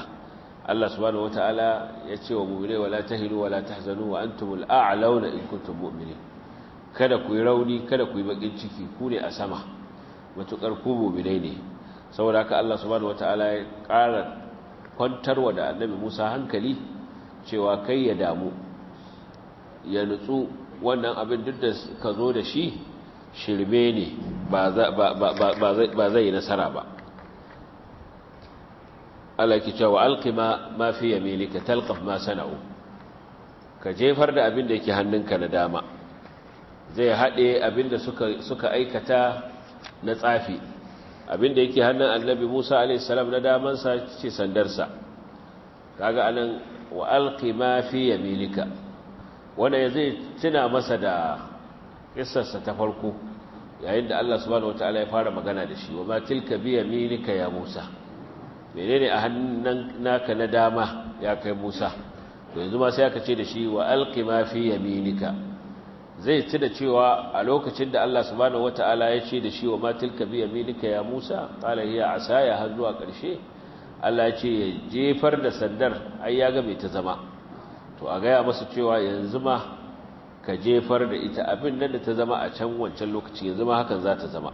Allah subhanahu wataala ya ce wa mu'mini wala tahilu wala tahzanu wa antumul a'launa in kuntum mu'minin kada ku yi rauni kada ku yi bakin ciki ku ne a sama Matuƙar ku mu'minai ne saboda haka Allah subhanahu wataala ya ƙara kwantarwa da annabi Musa hankali cewa kai ya damu ya nutsu wannan abin duk da ka zo da shi shirme ne ba zai nasara ba alaki ki cewa alqima ma fi ka talkaf ma sana'u ka jefar da abin da yake hannunka na dama zai hade abin da suka aikata na tsafi abin da yake hannun annabi Musa a.s. na damansa ce sandarsa kaga anan wa alqima fi yaminika wanda zai tuna masa da kissarsa ta farko yayin da Allah subhanahu wataala ya fara magana da shi wa ma tilka bi yaminika ya Musa menene a hannun naka na dama ya kai Musa to yanzu ma sai aka ce da shi wa alqi ma fi yaminika zai ci da cewa a lokacin da Allah subhanahu wataala ya ce da shi wa ma tilka bi yaminika ya Musa qala hiya asaya har zuwa ƙarshe Allah ya ce ya jefar da sandar ai ya ga mai ta zama to a gaya masa cewa yanzu ma ka jefar da ita abin nan da ta zama a can wancan lokaci yanzu ma hakan za ta zama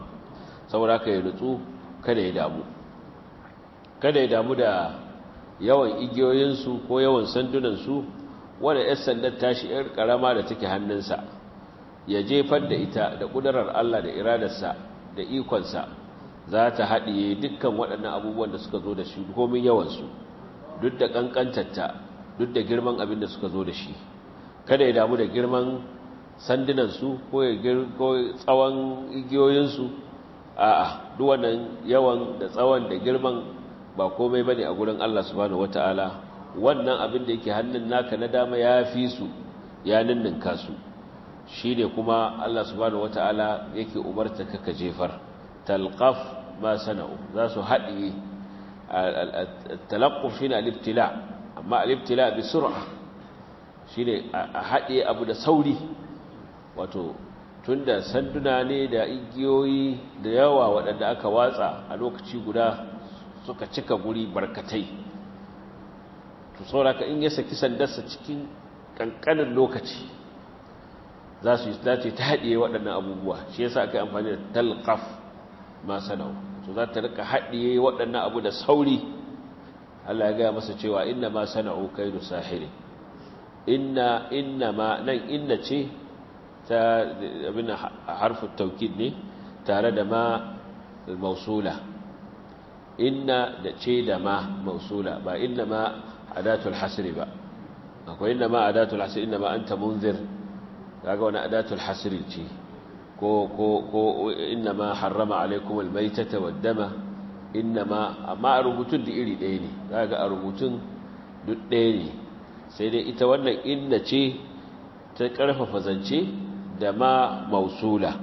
saboda ka yi nutsu kada ya damu kada ya damu da yawan igiyoyinsu ko yawan sandunansu wadda 'yan sandar tashi 'yar karama da take hannunsa ya jefar da ita da ƙudarar Allah da iradarsa da ikonsa za ta haɗiye dukkan waɗannan abubuwan da suka zo da shi komin yawansu duk da ƙanƙantarta duk da girman abin da suka zo da shi kada ya damu da girman sandunansu ko tsawon igiyoyinsu a'a duwannan yawan da tsawon da girman ba komai bane a wurin Allah subhanahu wataala wannan abin da yake hannun naka na dama ya fi su ya ninninka su shi ne kuma Allah subhanahu wataala yake umarta kaka jefar talqaf ma sana'u za su haɗiye talaqquf shine al amma aliftila bi sur'a Shi ne a haɗe abu da sauri wato tun da sanduna ne da igiyoyi da yawa waɗanda aka watsa a lokaci guda suka cika guri barkatai to sauraka in ya saki sandarsa cikin ƙanƙanin lokaci za su yi dace ta haɗe waɗannan abubuwa shi yasa aka yi amfani da talqaf ma sanau to za ta rika haɗe waɗannan abu da sauri Allah ya gaya masa cewa inna ma sana'u kaidu sahirin inna inna ma nan inna ce ta abin harfin taukid ne tare da ma mausula inna da ce da ma mausula ba inna ma adatul hasri ba akwai inna ma adatul hasri inna ma an ta munzir daga wani adatul hasri ce ko ko ko inna ma harrama alaikum almaytata waddama inna ma amma a rubutun da iri ɗaya ne daga a rubutun duk ɗaya ne sai dai ita wannan inna ce ta ƙarfafa zance da ma mausula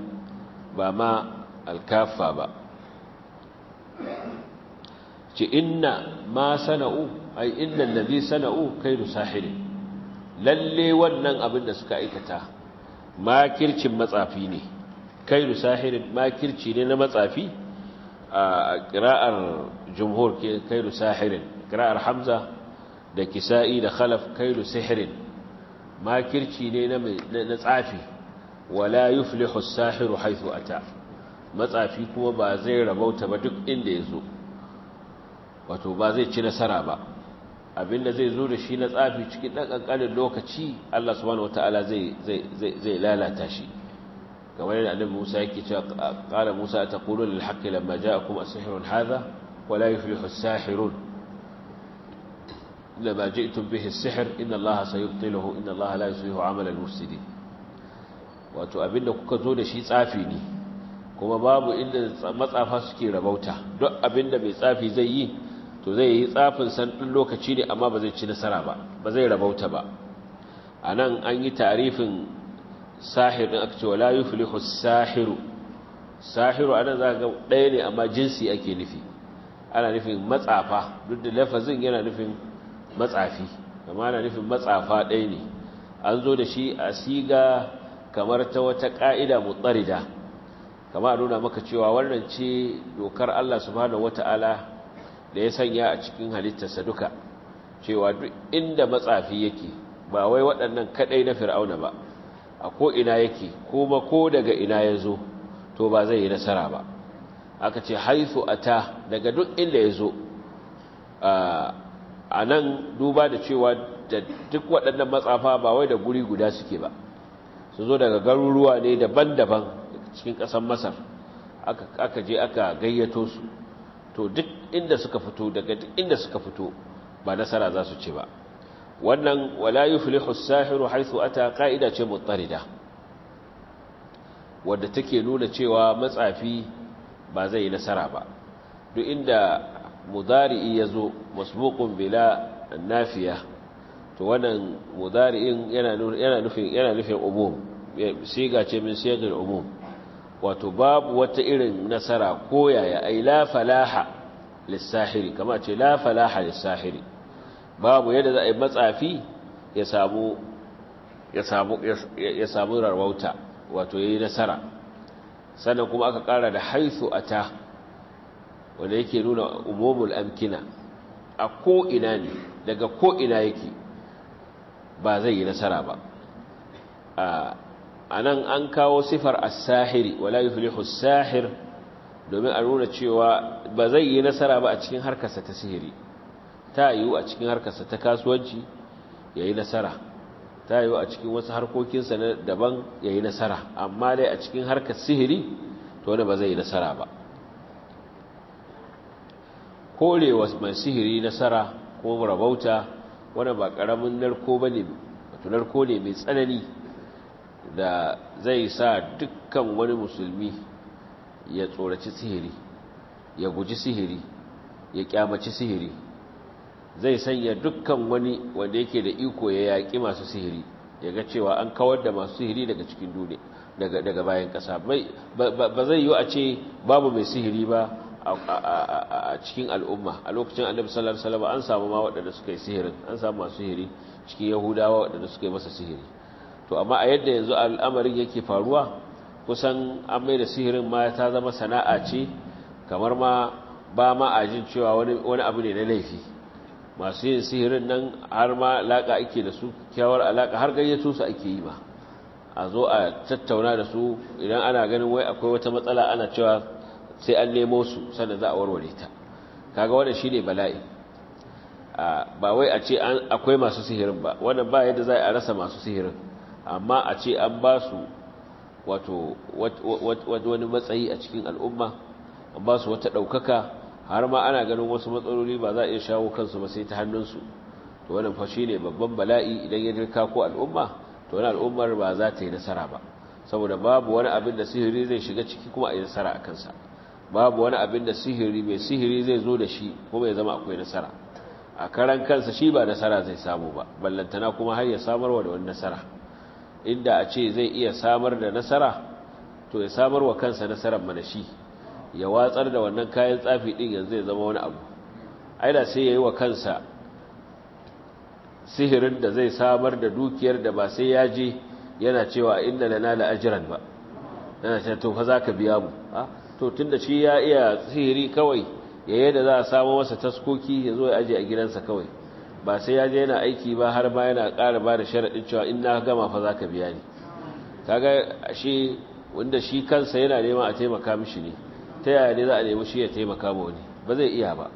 ba ma alkafa ba ce inna ma sana'u ai inna nabi sana'u kai sahiri lalle wannan abin da suka aikata makircin matsafi ne kaidu sahirin makirci ne na matsafi a ƙira'ar jumhur kai kaidu sahirin ƙira'ar hamza da kisa'i da khalaf kailu sihirin makirci ne na tsafi wala yuflihu sahiru haythu ata matsafi kuma ba zai rabauta ba duk inda ya zo wato ba zai ci nasara ba abinda zai zo da shi na tsafi cikin ɗan lokaci Allah subhanahu wataala zai zai lalata shi kamar yadda annabi Musa yake cewa qala Musa taqulu lil haqqi lamma ja'akum as-sihrun hadha wa la yuflihu as-sahirun لما sihir به السحر إن الله سيبطله إن الله لا يصلح عمل المفسدين wato abinda kuka zo da shi tsafi ne kuma babu inda matsafa suke rabauta duk abinda mai tsafi zai yi to zai yi tsafin san ɗin lokaci ne amma ba zai ci nasara ba ba zai rabauta ba anan nan an yi tarifin sahir ɗin aka ce wala yi filihu sahiru sahiru a nan za ga ɗaya ne amma jinsi ake nufi ana nufin matsafa duk da lafazin yana nufin matsafi amma na nufin matsafa ɗai ne an zo da shi a siga kamar ta wata ƙa'ida mutsarida kama a nuna maka cewa wannan ce dokar Allah subhanahu wata'ala da ya sanya a cikin halittarsa duka cewa duk inda matsafi yake ba wai waɗannan kaɗai na fir'auna ba a ko'ina yake kuma ko daga ina ya zo to ba zai yi nasara ba aka ce haifu a ta daga duk inda ya zo a nan duba da cewa da duk waɗannan matsafa ba wai da guri guda suke ba su zo daga garuruwa ne daban-daban cikin ƙasar masar aka je aka gayyato su to duk inda suka fito daga duk inda suka fito ba nasara za su ce ba wannan walayu filihus sahiru sahiru haythu ata qa'ida ce mutarida wadda take nuna cewa matsafi ba zai yi nasara ba duk inda mudari'i ya zo masbuqun bila nafiya to wannan mudari'in yana nufin yana nufin umum siga ce min sigar umum wato babu wata irin nasara ko yaya ai la falaha lissahiri kama ce la falaha lissahiri babu yadda za a yi matsafi ya samu ya samu ya samu rarwauta wato yayi nasara sannan kuma aka kara da haisu ata wanda yake nuna umomul amkina a ko'ina ne daga ko'ina yake ba zai yi nasara ba a nan an kawo sifar as-sahiri wala yuflihu as-sahir domin a nuna cewa ba zai yi nasara ba a cikin harkarsa ta sihiri ta yiwu a cikin harkarsa ta kasuwanci ya yi nasara ta yiwu a cikin wasu harkokinsa na daban yi nasara amma dai a cikin harkar sihiri to wani ba zai yi nasara ba korewa mai sihiri nasara ko rabauta wanda ba karamin narko bane wato narko ne mai tsanani da zai sa dukkan wani musulmi ya tsoraci sihiri ya guji sihiri ya kyamaci sihiri zai sanya dukkan wani wanda yake da iko ya yaƙi masu sihiri ya ga cewa an kawar da masu sihiri daga cikin duniya daga bayan ƙasa ba zai yi a ce babu mai sihiri ba a cikin al'umma a lokacin annabi sallallahu alaihi wasallam an samu ma waɗanda suka yi sihirin an samu masu sihiri cikin yahudawa waɗanda suka yi masa sihiri to amma a yadda yanzu al'amarin yake faruwa kusan an mai da sihirin ma ta zama sana'a ce kamar ma ba ma a jin cewa wani abu ne na laifi masu yin sihirin nan har ma alaka ake da su kyawar alaka har gayyato su ake yi ba a zo a tattauna da su idan ana ganin wai akwai wata matsala ana cewa sai an nemo su sannan za a warware ta kaga wannan shine bala'i ba wai a ce akwai masu sihirin ba wannan ba yadda za a rasa masu sihirin amma a ce an ba su wato wani matsayi a cikin al'umma an ba su wata ɗaukaka har ma ana ganin wasu matsaloli ba za a iya shawo kansu ba sai ta hannunsu to wannan fa shine babban bala'i idan ya dirka ko al'umma to wani al'ummar ba za ta yi nasara ba saboda babu wani abin da sihiri zai shiga ciki kuma a yi nasara a kansa babu wani abin da sihiri mai sihiri zai zo da shi ko ya zama akwai nasara a karan kansa shi ba nasara zai samu ba ballantana kuma har ya samarwa da wani nasara inda a ce zai iya samar da nasara to ya samarwa kansa nasarar mana shi ya watsar da wannan kayan tsafi din yanzu ya zama wani abu aida sai ya yi wa kansa sihirin da zai samar da dukiyar da ba sai ya je yana cewa inda da na la'ajiran ba yana cewa to fa ka biya mu to da shi ya iya sihiri kawai yayin da za a samu masa taskoki ya zo ya aje a gidansa kawai ba sai ya je yana aiki ba har ma yana ƙara ba da sharaɗin cewa in na gama fa za ka biya ni kaga shi wanda shi kansa yana nema a taimaka mishi ne ta yaya ne za a nemi shi ya taimaka ma wani ba zai iya ba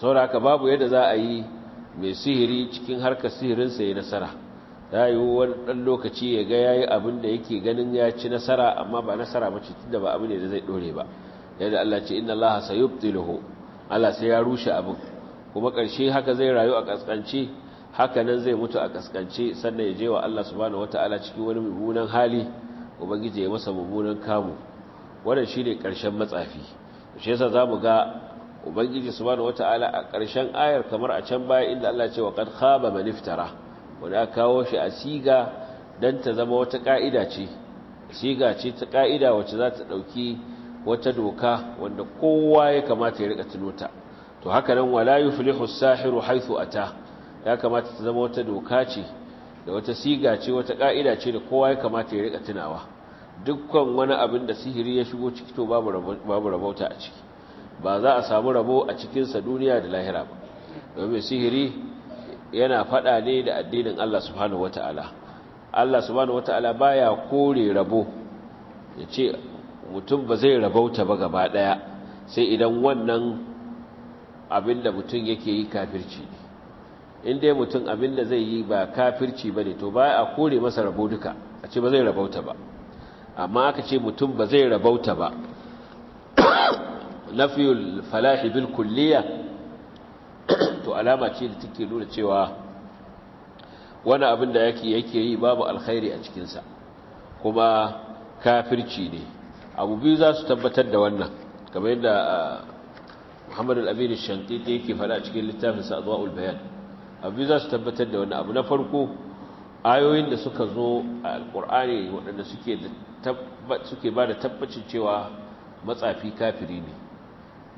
saboda haka babu yadda za a yi mai sihiri cikin harkar sihirinsa ya nasara da yi wani ɗan lokaci ya ga ya yi abin da yake ganin ya ci nasara amma ba nasara ba ce da ba abu ne da zai ɗore ba yadda Allah ce inna Allah sa yubtiluhu Allah sai ya rushe abin kuma ƙarshe haka zai rayu a kaskance haka nan zai mutu a kaskance sannan ya je wa Allah subhanahu wataala cikin wani mummunan hali ubangiji ya masa mummunan kamu wannan shine ƙarshen matsafi shi yasa zamu ga ubangiji subhanahu wataala a ƙarshen ayar kamar a can baya inda Allah ce wa qad khaba man iftara wadda kawo shi a siga don ta zama wata ƙa'ida ce siga ce ta ƙa'ida wacce za ta ɗauki wata doka wanda kowa ya kamata ya riƙa tunota to haka nan wala yuflihu as-sahiru a ata ya kamata ta zama wata doka ce da wata siga ce wata ka'ida ce da kowa ya kamata ya riƙa tunawa dukkan wani abin da sihiri ya shigo ciki to babu rabota rabauta a ciki ba za a samu rabo a cikinsa duniya da lahira ba domin sihiri yana fada ne da addinin Allah subhanahu wata'ala Allah subhanahu wata'ala baya kore rabo ya ce mutum ba zai rabauta ba gaba daya sai idan wannan abinda mutum yake yi kafirci ne in dai mutum abinda zai yi ba kafirci ba ne to ba a kore masa rabo duka a ce ba zai rabauta ba amma aka ce mutum ba zai rabauta ba nafiyul falahi bil kulliya to alama ce da take nuna cewa wani abin da yake yake yi babu alkhairi a cikinsa kuma kafirci ne abu biyu za su tabbatar da wannan kamar yadda muhammad al-amin shantiti yake fara cikin littafin sa adwa'ul bayan abu biyu za su tabbatar da wannan abu na farko ayoyin da suka zo a alkur'ani waɗanda suke ba da tabbacin cewa matsafi kafiri ne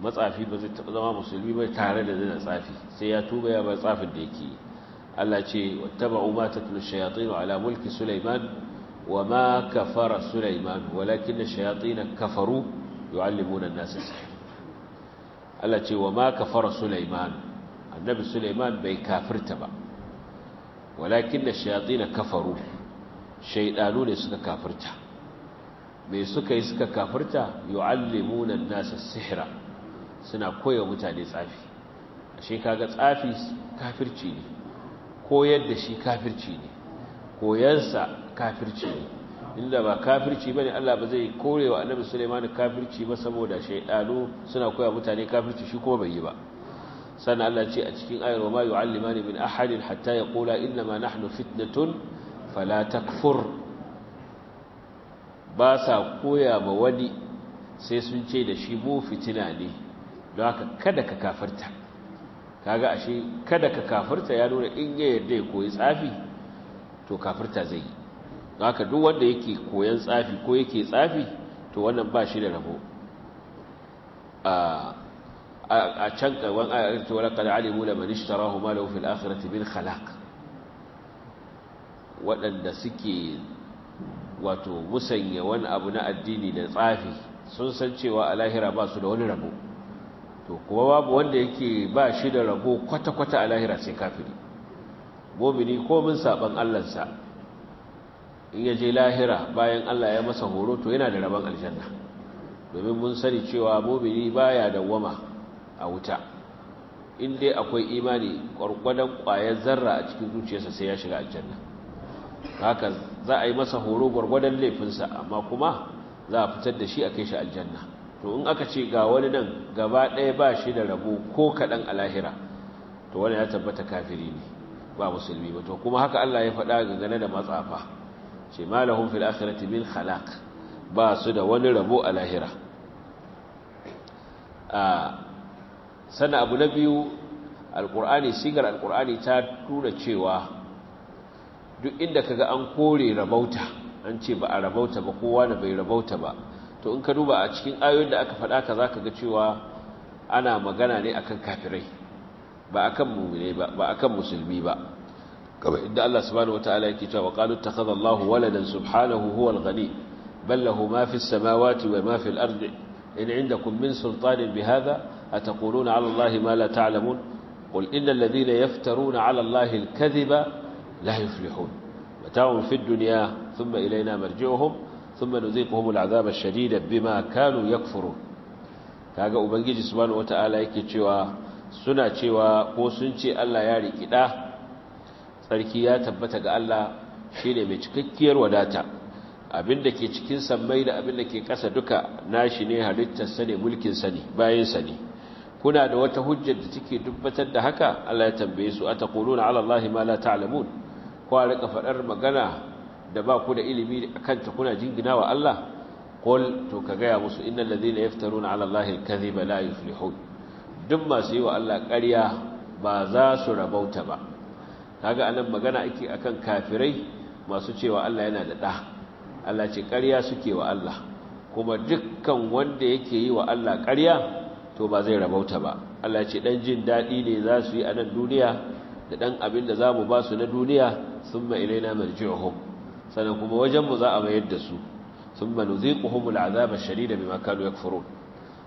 matsafi ba zai taba zama musulmi ba tare da zina tsafi sai ya tuba ya bar tsafin da yake Allah ce wattaba'u ma tatlu shayatin ala mulki Sulaiman wa ma kafara Sulaiman walakin shayatin kafaru yu'allimuna an-nasa Allah ce wa ma kafara Sulaiman annabi Sulaiman bai kafirta ba walakin shayatin kafaru shaydanu ne suka kafirta me suka yi suka kafirta yu'allimuna an-nasa sihra suna koya mutane tsafi ashe kaga tsafi kafirci ne koyar da shi kafirci ne koyansa kafirci ne inda ba kafirci bane Allah ba zai korewa Annabi Sulaiman kafirci ba saboda shaydanu suna koya mutane kafirci shi kuma bai yi ba sannan Allah ce a cikin ayar ma yu'allimani min ahadin hatta yaqula inna ma nahnu fitnatun fala takfur ba sa koya ba wani sai sun ce da shi mu fitina ne don haka kada ka kafarta kaga ashe kada ka kafarta ya nuna in ya yarda ya koyi tsafi to kafarta zai yi don haka duk wanda yake koyan tsafi ko yake tsafi to wannan ba shi da rabo a can wani ayar ta wani kada alimu da mani shitara da wufin akhirati bin khalaq waɗanda suke wato musanya wani abu na addini da tsafi sun san cewa a lahira ba su da wani rabo to kuma babu wanda yake ba shi da rabo kwata-kwata a lahira sai kafiri mumini komin saban allansa in ya je lahira bayan allah ya masa horo to yana da rabon aljanna domin mun sani cewa mumini baya wama a wuta in dai akwai imani kwarkwadon kwayar zarra a cikin zuciyarsa sai ya shiga aljanna haka za a yi masa horo gwargwadon laifinsa amma kuma za a fitar da shi a kai shi aljanna to in aka ce ga wani nan gaba ɗaya ba shi da rabo ko kaɗan a lahira to wani ya tabbata kafiri ne ba musulmi ba to kuma haka Allah ya faɗa ga gane da matsafa ce ma lahun fil akhirati min khalaq ba su da wani rabo a lahira a sana abu na biyu alqur'ani sigar alqur'ani ta tura cewa duk inda kaga an kore rabauta an ce ba a rabauta ba kowa da bai rabauta ba to in ka duba a cikin ayoyin da aka faɗa ka zaka ga cewa ana magana ne akan kafirai ba akan mu'mine ba ba akan musulmi ba kaba inda Allah subhanahu wataala yake cewa qalu takhadha Allahu waladan subhanahu huwa al ghani bal lahu ma fi as samawati wa ma fi al ardi in indakum min sultanin bihadha ataquluna ala Allahi ma la ta'lamun qul innal ladhina yaftaruna ala Allahi al-kadhiba la yuflihun mata'un fid dunya thumma ilayna marji'uhum ثم نذيقهم العذاب الشديد بما bima kanu yakfurun kaga ubangiji subhanahu wata'ala yake cewa suna cewa ko sun ce Allah ya riki da sarki ya tabbata ga Allah shine mai cikakkiyar wadata abinda ke cikin samai da abinda ke kasa duka nashi ne halittar sane mulkin sa ne bayin sa ne kuna da wata hujjar da take dubbatar da haka Allah ya tambaye su ataquluna ala allahi ma la ta'lamun ko a rika faɗar magana da ba ku da ilimi akan kanta kuna jingina wa Allah qul to ka gaya musu innal ladhina yaftaruna ala allahi alkadhiba la yuflihun duk masu yi wa Allah ƙarya ba za su rabauta ba ga anan magana ake akan kafirai masu cewa Allah yana da ɗa Allah ce ƙarya suke wa Allah kuma dukkan wanda yake yi wa Allah ƙarya to ba zai rabauta ba Allah ce ɗan jin daɗi ne za su yi a nan duniya da ɗan abin da za mu ba su na duniya summa ilaina marji'uhum sannan kuma wajenmu za a mayar da su sun ba nuziquhum al'azaba shadida bima ya yakfurun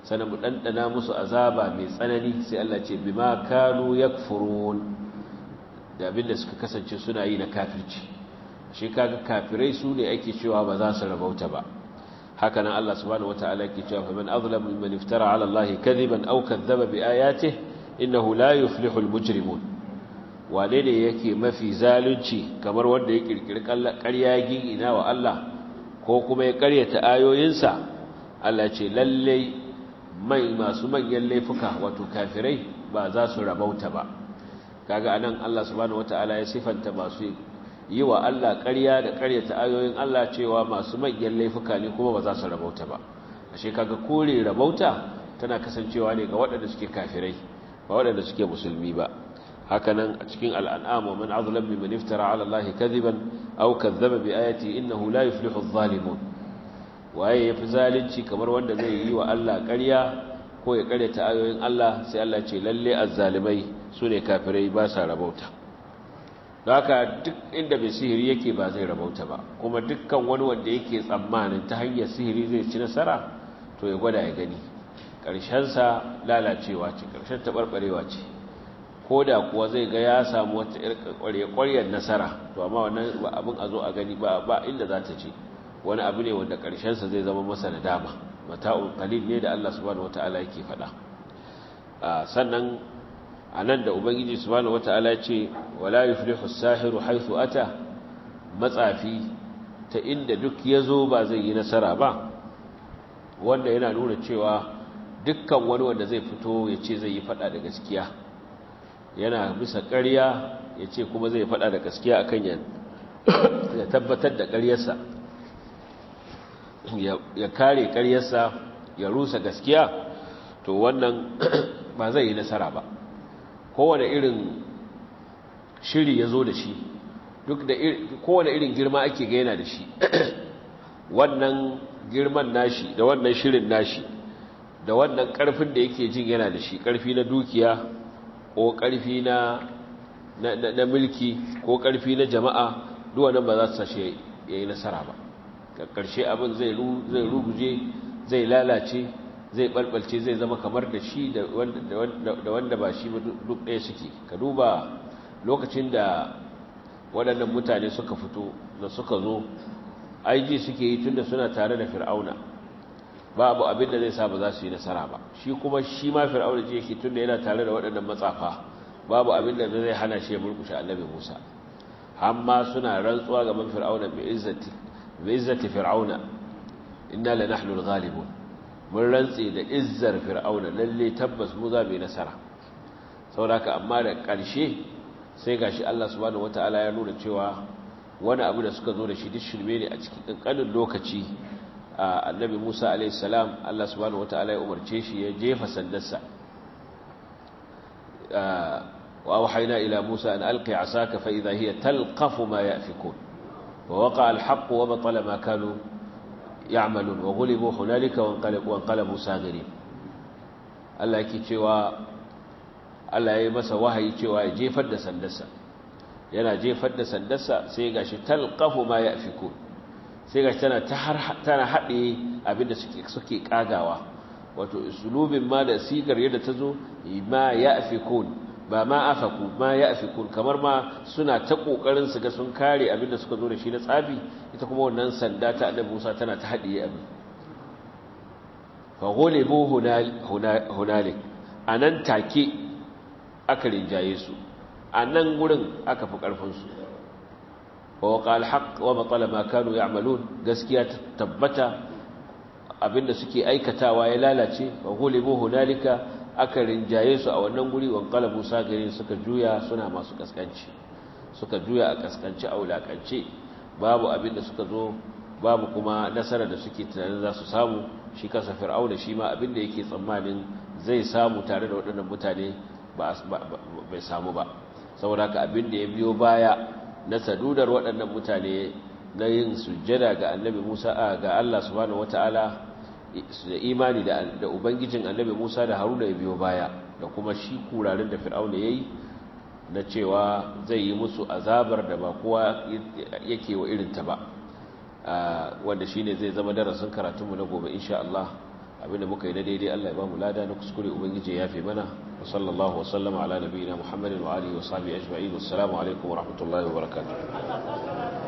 sannan mu ɗanɗana musu azaba mai tsanani sai Allah ce bima ya yakfurun da abin da suka kasance suna yi na kafirci shi kaga kafirai su ne ake cewa ba za su rabauta ba haka nan Allah subhanahu wataala yake cewa faman azlamu mimman iftara ala Allah kadiban aw kadzaba bi ayatihi innahu la yuflihu al mujrimun wane ne yake mafi zalunci kamar wanda ya kirkiri ƙarya gina wa Allah ko kuma ya ta ayoyinsa Allah ce lallai mai masu manyan laifuka wato kafirai ba za su rabauta ba kaga anan Allah subhanahu wataala ya sifanta masu yi wa Allah karya da ta ayoyin Allah cewa masu manyan laifuka ne kuma ba za su rabauta ba ashe kaga kore rabauta tana kasancewa ne ga waɗanda suke kafirai ba waɗanda suke musulmi ba hakanan a cikin al'an'am wa man azlam bi maniftara ala kaziban kadiban aw bi ayati ina hula yuflihu adh zalimun waye yafi zalunci kamar wanda zai yi wa Allah karya ko ya karya ta ayoyin Allah sai Allah ce lalle su sune kafirai ba sa rabauta haka duk inda mai sihiri yake ba zai rabauta ba kuma dukkan wani wanda yake tsammanin ta hanyar sihiri zai ci nasara to ya gwada ya gani ƙarshensa lalacewa ce ƙarshen taɓarɓarewa ce ko da kuwa zai ga ya samu wata ƙwarya-ƙwaryar nasara to amma wannan abin a zo a gani ba ba inda za ta ce wani abu ne wanda ƙarshensa zai zama masa da dama mata'un qalil ne da Allah subhanahu wata'ala yake faɗa sannan a nan da ubangiji subhanahu wata'ala ya ce wala yuflihu sahiru haythu ata matsafi ta inda duk ya zo ba zai yi nasara ba wanda yana nuna cewa dukkan wani wanda zai fito ya ce zai yi faɗa da gaskiya yana bisa ƙarya ya ce kuma zai faɗa da gaskiya akan ya tabbatar da ƙaryarsa ya kare ƙaryarsa ya rusa gaskiya to wannan ba zai yi nasara ba kowane irin shiri ya zo da shi duk da kowane irin girma ake gaina da shi wannan girman nashi da wannan shirin nashi da wannan ƙarfin da yake jin yana da shi ƙarfi na dukiya ko ƙarfi na mulki ko ƙarfi na jama'a duwannan ba za su sashe ya yi nasara ba ƙarshe abin zai ruguje zai lalace zai ɓalɓalce zai zama kamar da shi da wanda ba shi duk ɗaya suke ka duba lokacin da waɗannan mutane suka fito da suka zo aiji suke yi tunda suna tare da fir'auna babu abin da zai sa ba za su yi nasara ba shi kuma shi ma fir'auna ji yake tunda yana tare da waɗannan matsafa babu abin da zai hana shi ya murkushe annabi Musa amma suna rantsuwa gaban fir'auna bi izzati bi izzati fir'auna inna la nahnu al-ghalibun mun rantsi da izzar fir'auna lalle tabbas mu za mu yi nasara saboda amma da ƙarshe sai gashi Allah subhanahu wataala ya nuna cewa wani abu da suka zo da shi duk shirme ne a cikin ƙanƙanin lokaci annabi Musa alaihi salam Allah subhanahu wataala ya umarce shi ya jefa sandarsa wa wahayna ila Musa an alqi asaka fa idha hiya talqafu ma yafikun wa waqa al wa batala ma kanu ya'malun wa ghulibu hunalika wa anqalabu wa anqalabu saghirin Allah yake cewa Allah ya masa wahayi cewa ya jefar da sandarsa yana jefar da sandarsa sai gashi talqafu ma ya yafikun sai ga tana haɗe abinda suke ƙagawa wato usulubin ma da sigar yadda ta zo ma ya ba ma afaku ma ya kamar ma suna ta ƙoƙarin su ga sun kare abinda suka zo da shi na tsabi ita kuma wannan sanda ta annabi musa tana ta haɗiye abin fa ghulibu hunalik anan take aka rinjaye su anan gurin aka fi ƙarfin su wa qala alhaq wa batala ma ya ya'malun gaskiya tabbata abinda suke aikatawa ya lalace wa ghulibu hunalika aka rinjaye su a wannan guri wa qalabu sagire suka juya suna masu kaskanci suka juya a kaskanci a wulakance babu abinda suka zo babu kuma nasara da suke tunanin za su samu shi kansa fir'auna shi ma abinda yake tsammanin zai samu tare da waɗannan mutane bai samu ba saboda ka abinda ya biyo baya na sadudar waɗannan mutane na yin sujjada ga annabi Musa ga Allah subhanahu wataala da imani da ubangijin annabi Musa da Haruna ya biyo baya da kuma shi kurarin da Fir'auna yi, na cewa zai yi musu azabar da ba kowa yake wa irin ta ba wanda ne zai zama darasin karatunmu na gobe insha Allah abinda muka yi na daidai Allah ya ba mu lada na kuskure ubangiji ya fi mana wa sallallahu wa sallama ala nabiyina muhammadin wa alihi wa sahbihi ajma'in assalamu alaikum wa rahmatullahi wa barakatuh